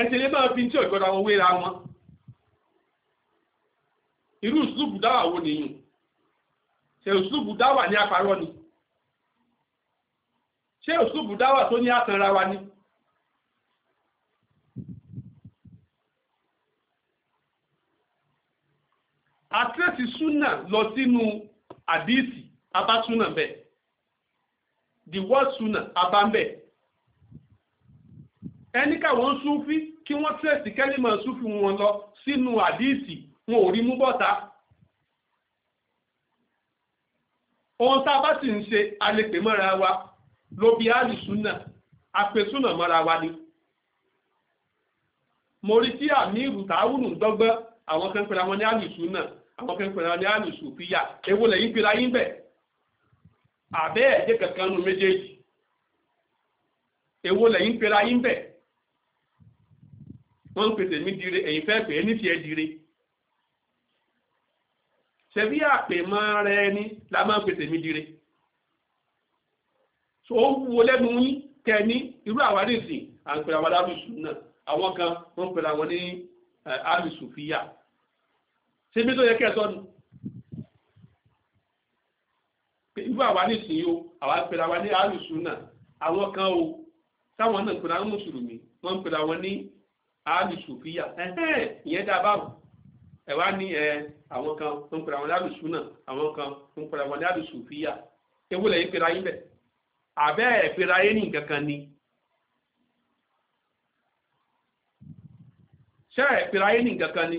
S3: ẹ̀sẹ̀ lè máa fi tí ọ̀gbọ́dọ̀ wọn wéra wọn irú ìsúlùkù dáwà wo nìyàn ṣe òṣùbù dáwà ní àparọ́ ni ṣe òṣùbù dáwà tó ní àtànra wa ni àtẹ́sì súnà lọ sínú àdíìsì abásúnà bẹ́ẹ̀ the word súnà abámbẹ̀ ẹni káwọn súnfí kí wọ́n tẹ́sì kẹ́límọ̀ súnfí wọn lọ sínú àdíìsì wọn ò rí mú bọ́ta ohun tá a bá sì ń ṣe a lè pè mọ́ra wa ló bí àlùsúnà àpèsúnà mọ́ra wa ni mo rí tí àmì ìrùtàwùnù dọ́gbọ́n àwọn kan pèrè àwọn ní àlùsúnà àwọn kan pèrè àwọn ní àlùsùfíyà èwo lẹ́yìn pèrè ayé bẹ̀ àbẹ́ ẹ̀jẹ̀ kankan nu méjèèjì èwo lẹ́yìn pèrè ayé bẹ̀ wọ́n ń pèsè mí dire ẹ̀yin fẹ́ pè é nífẹ̀ẹ́ dire ṣebí àpè mọ́ ara ẹni la máa ń pèsè mi dire so ó wúwo lẹ́nu yín kẹ́ni irú àwárí ìsìn à ń pèrè àwọn aláàbùsù náà àwọn kan wọ́n ń pèrè àwọn ní àlùsù fìyà ṣebí tó yẹ kẹ́sọ́ ni irú àwárí ìsìn yìí o àwa pèrè àwọn ní àlùsù náà àwọn kan o táwọn náà pèrè àwọn mùsùlùmí wọ́n pèrè àwọn ní àlùsù fìyà ẹ̀hẹ́n ìyẹn dá báwọn ẹ wá ní ẹ àwọn kan tó ń pera wọn lálùsù náà àwọn kan tó ń pera wọn lálùsù fíyà ewu lẹ́yìn pera yín bẹ̀ àbẹ́ ẹ̀ pera yín ní nǹkan ni ṣé ẹ̀ pera ní nǹkan ni.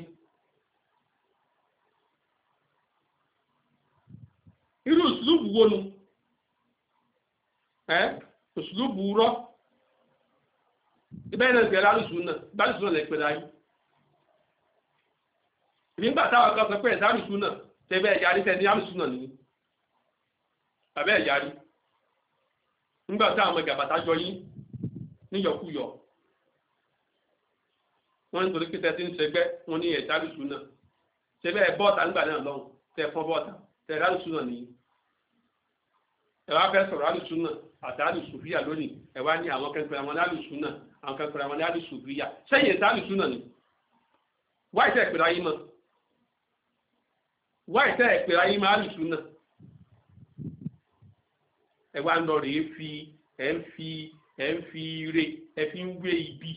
S3: irú ìsìlúùbù wo nu ẹ ìsìlúùbù rọ ibẹ̀ náà ti ẹ̀ náà lálùsù náà lè pera yín nígbà táwọn kan sọ pé ẹ̀sán àlùsùnà tẹ́bẹ̀ ẹ̀yàrí tẹ́ ní àlùsùnà nìyí àbẹ́ ẹ̀yàrí nígbà táwọn ọmọ ìgbàbàtà jọ yín níyọkúyọ wọ́n ń torí pé tẹ́tí ń ṣẹgbẹ́ wọn ní ẹ̀sán àlùsùnà tẹ́bẹ̀ bọ́ọ̀tà nígbà náà lọ́hùn tẹ́ fọ́n bọ́ọ̀tà tẹ́ àlùsùnà nìyí ẹ̀wá fẹ́ sọ̀rọ̀ àlùsùnà àti alùsùfíà lónìí ẹ̀wá ní àwọn kẹ́kọ̀ọ́ wáyé tẹ́ ẹ̀ pé ayé máa lù sùn náà ẹ wá ń lọ rèé fi ẹ ń fi ẹ ń fi re ẹ fi ń wé ibi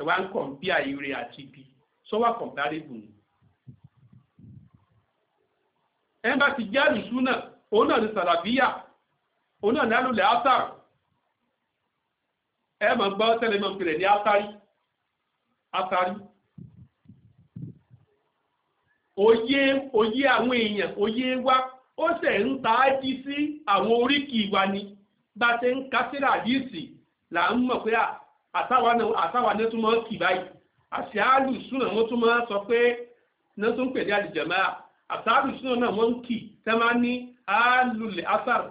S3: ẹ wá ń kọ̀m̀pìà ire àti ibi sọ́wọ́ kọ̀m̀párébù ni ẹ bá ti jẹ́ lù sùn náà òun náà ni sàlàbíyà òun náà ni alùlẹ̀ ásàrù ẹ máa gbọ́ tẹ́lẹ̀ máa ń pè rẹ̀ ní ásàrì ásàrì. oyi òye àwọn èèyàn wa ó sẹ̀ ń ta á àwọn wa ni bá a ṣe ń ka síra àdìsí là ń mọ̀ pé àtàwọn ní tún máa ń kì báyìí àṣẹ na àwọn tún máa ń sọ pé ní tún pèdé àlìjẹ̀mọ́ àtàlùsùn náà wọ́n ń kì tẹ́ máa ní àlùlẹ̀ asar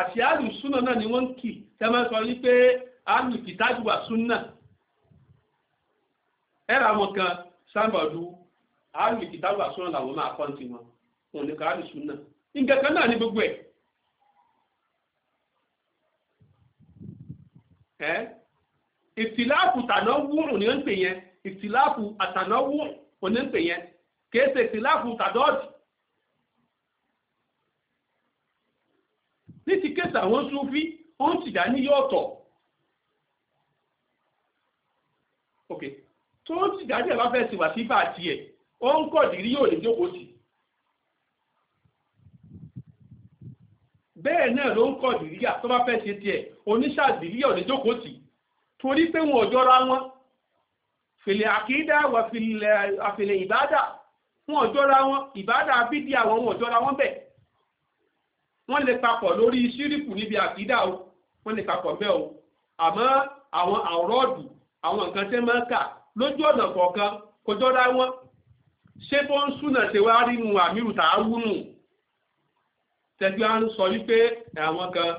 S3: àti àlùsúnà náà ni wọ́n ń kì tẹ́ máa sọ wípé àlùkìtàjùwà súnà ẹ̀rọ àwọn kan sábàdú àálù ìkìtàlù àsúná làwọn máa kọ́ ti wọn wọn ní káàlù súnà nǹkan kan náà ní gbogbo ẹ̀. ẹ ìtìláàfù tàná wúrùn ni ó ń pè yẹn ìtìláàfù àtàná wúrùn ò ní ń pè yẹn kìí ṣe ìtìláàfù tàdọ́ọ̀dì. ní ti kéèsì àwọn súnfí ó ń tìjà ní yọ̀ọ̀tọ̀. ok tó ń tìjà ní ẹ̀ bá fẹ́ ti wà sí bá tiẹ̀ ó ń kọ̀ dìrí yóò ní jókòó sí bẹ́ẹ̀ náà ló ń kọ̀ dìríyà tó bá fẹ́ ṣe tiẹ̀ oníṣàdìríyà ò ní jókòó sí torí pé wọn ò jọra wọn fèlè àkídá wà fèlè ìbádà wọn ò jọra wọn ìbádà bídí àwọn wọn ò jọra wọn bẹ́ẹ̀ wọ́n lè papọ̀ lórí ṣíríkù níbi àkídá o wọ́n lè papọ̀ bẹ́ẹ̀ o àmọ́ àwọn àwòrán ọ̀dù àwọn nǹkan tẹ́ máa ń kà lójú ọ̀nà kọ̀ọ̀kan kò jọra wọn ṣé bó ń súnà ṣe wá rí nu àmírù tààwùnù tẹ́gbẹ́ á ń sọ wípé àwọn kan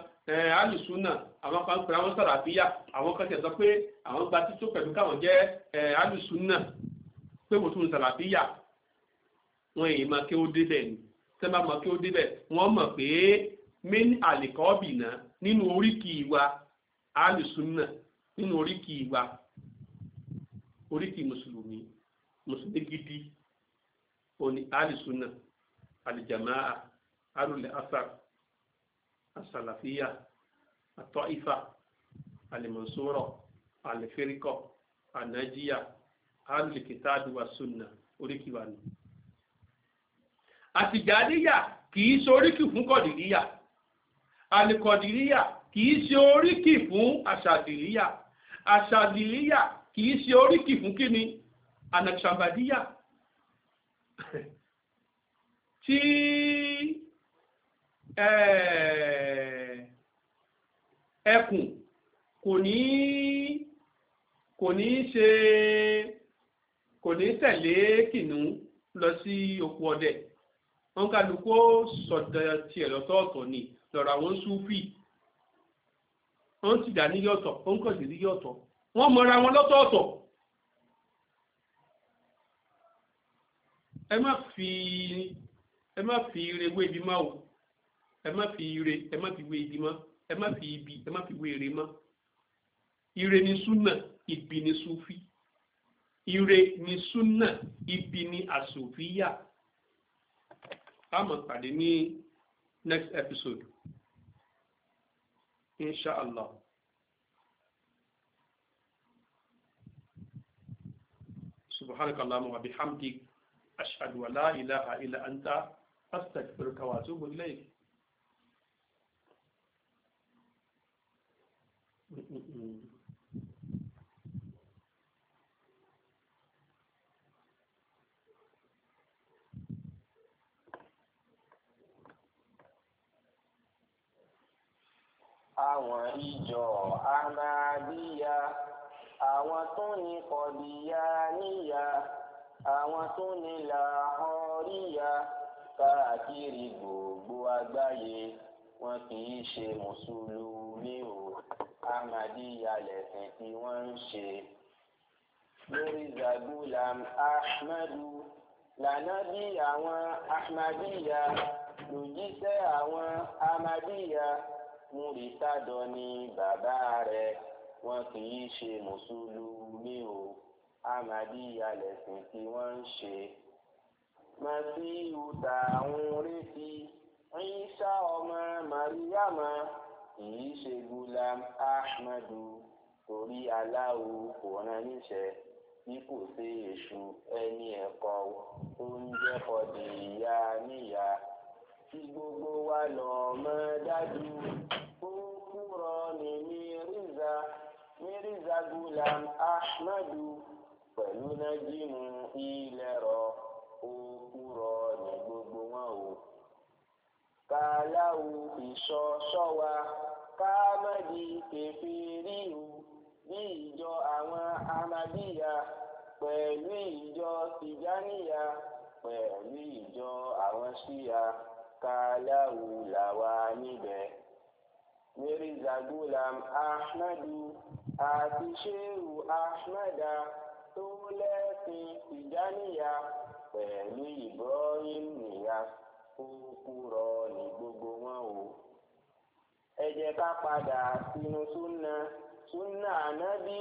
S3: alùsúnà àwọn kan pẹ̀lú àwọn sàràbíyà àwọn kan tẹ̀ sọ pé àwọn gba títú pẹ̀lú káwọn jẹ́ alùsúnà pé mo tún sàràbíyà wọn èyí máa kí ó débẹ̀ ni tẹ́ bá máa kí ó débẹ̀ wọ́n mọ̀ pé min àlìkọ́bìnà nínú oríkì wa alùsúnà nínú oríkì wa oríkì mùsùlùmí mùsùlùmí gidi òní alìsúnà alìjàmáà alùlẹ̀ asar asàlàfíà àtọ́ifà alìmọ̀sọ́rọ̀ alìfẹ́ríkọ̀ ànájíyà alìkìtàdù wa súnà oríkìwà ni. àtìjàdíyà kìí ṣe oríkì fún kọ̀dìríyà alìkọ̀dìríyà kìí ṣe oríkì fún àṣàdìríyà àṣàdìríyà kìí ṣe oríkì fún kíni anaksambadíyà tí eh, ẹkùn kò ní kò ní ṣe kò ní tẹ̀lé kìnnìún lọ sí oko ọdẹ wọn kálukú sọdọ tiẹ̀ lọ́tọ̀ọ̀tọ̀ ni lọ́rọ̀ àwọn sufi wọn ti dà níyì ọ̀tọ̀ wọn kàn sí níyì ọ̀tọ̀ wọn mọra wọn lọ́tọ̀ọ̀tọ̀ ẹ má fi ẹ má fi ire wé ibi má o ẹ má fi ire ẹ má fi wé ibi má ẹ má fi ibi ẹ má fi wé ire má ire ni súnà ibi ni súfì ire ni súnà ibi ni àsòfíyà a máa pàdé ní next episode inshallah. سبحانك اللهم وبحمدك أشهد أن لا إله إلا أنت astagfiruka wa atubu ilayk
S4: àwọn ìjọ ahmadiyya àwọn tó ní kọdíyà níyà àwọn tó ní làhọríyà káàkiri gbogbo àgbáyé wọn kì í ṣe mùsùlùmí o ahmadiyya lẹ̀sìn tí wọ́n ń ṣe. lórí zagulam ahmadu lànábì àwọn ahmadiyya lòjíṣẹ́ àwọn ahmadiyya múritádọ́ ni bàbá rẹ̀ wọn kì í ṣe mùsùlùmí o ahmadiyya lẹ̀sìn tí wọ́n ń ṣe màsíhù tààrùn retí Ìsá ọmọ màríyàmá kìí ṣe gulam ahmadu torí aláwo kò rán níṣẹ́ bí kò sí èṣù ẹni ẹ̀kọ́ tó ń jẹ́kọ̀ dé ìyá níyà tí gbogbo wa lọ mọ̀ dájú ó kúrọ ní mírízà mírízà gulam ahmadu pẹ̀lú nájímù ilẹ̀ rọ òkúrọ ní gbogbo wọn o. kàláwù ìṣọ ṣọwa kámẹ́dì kẹfìríhù bí ìjọ àwọn amadíyà pẹ̀lú ìjọ tìjáníyà pẹ̀lú ìjọ àwọn ṣíyà kàláwù làwa níbẹ̀. mirza gulam ahmadu àti sheu ahmada tó lẹ́sìn tìjáníyà. pẹ̀lú ìbọ̀ nìyá kúkú rọ ní gbogbo wọn o. ẹ jẹ́ ká padà sínú súnà súnà ànábì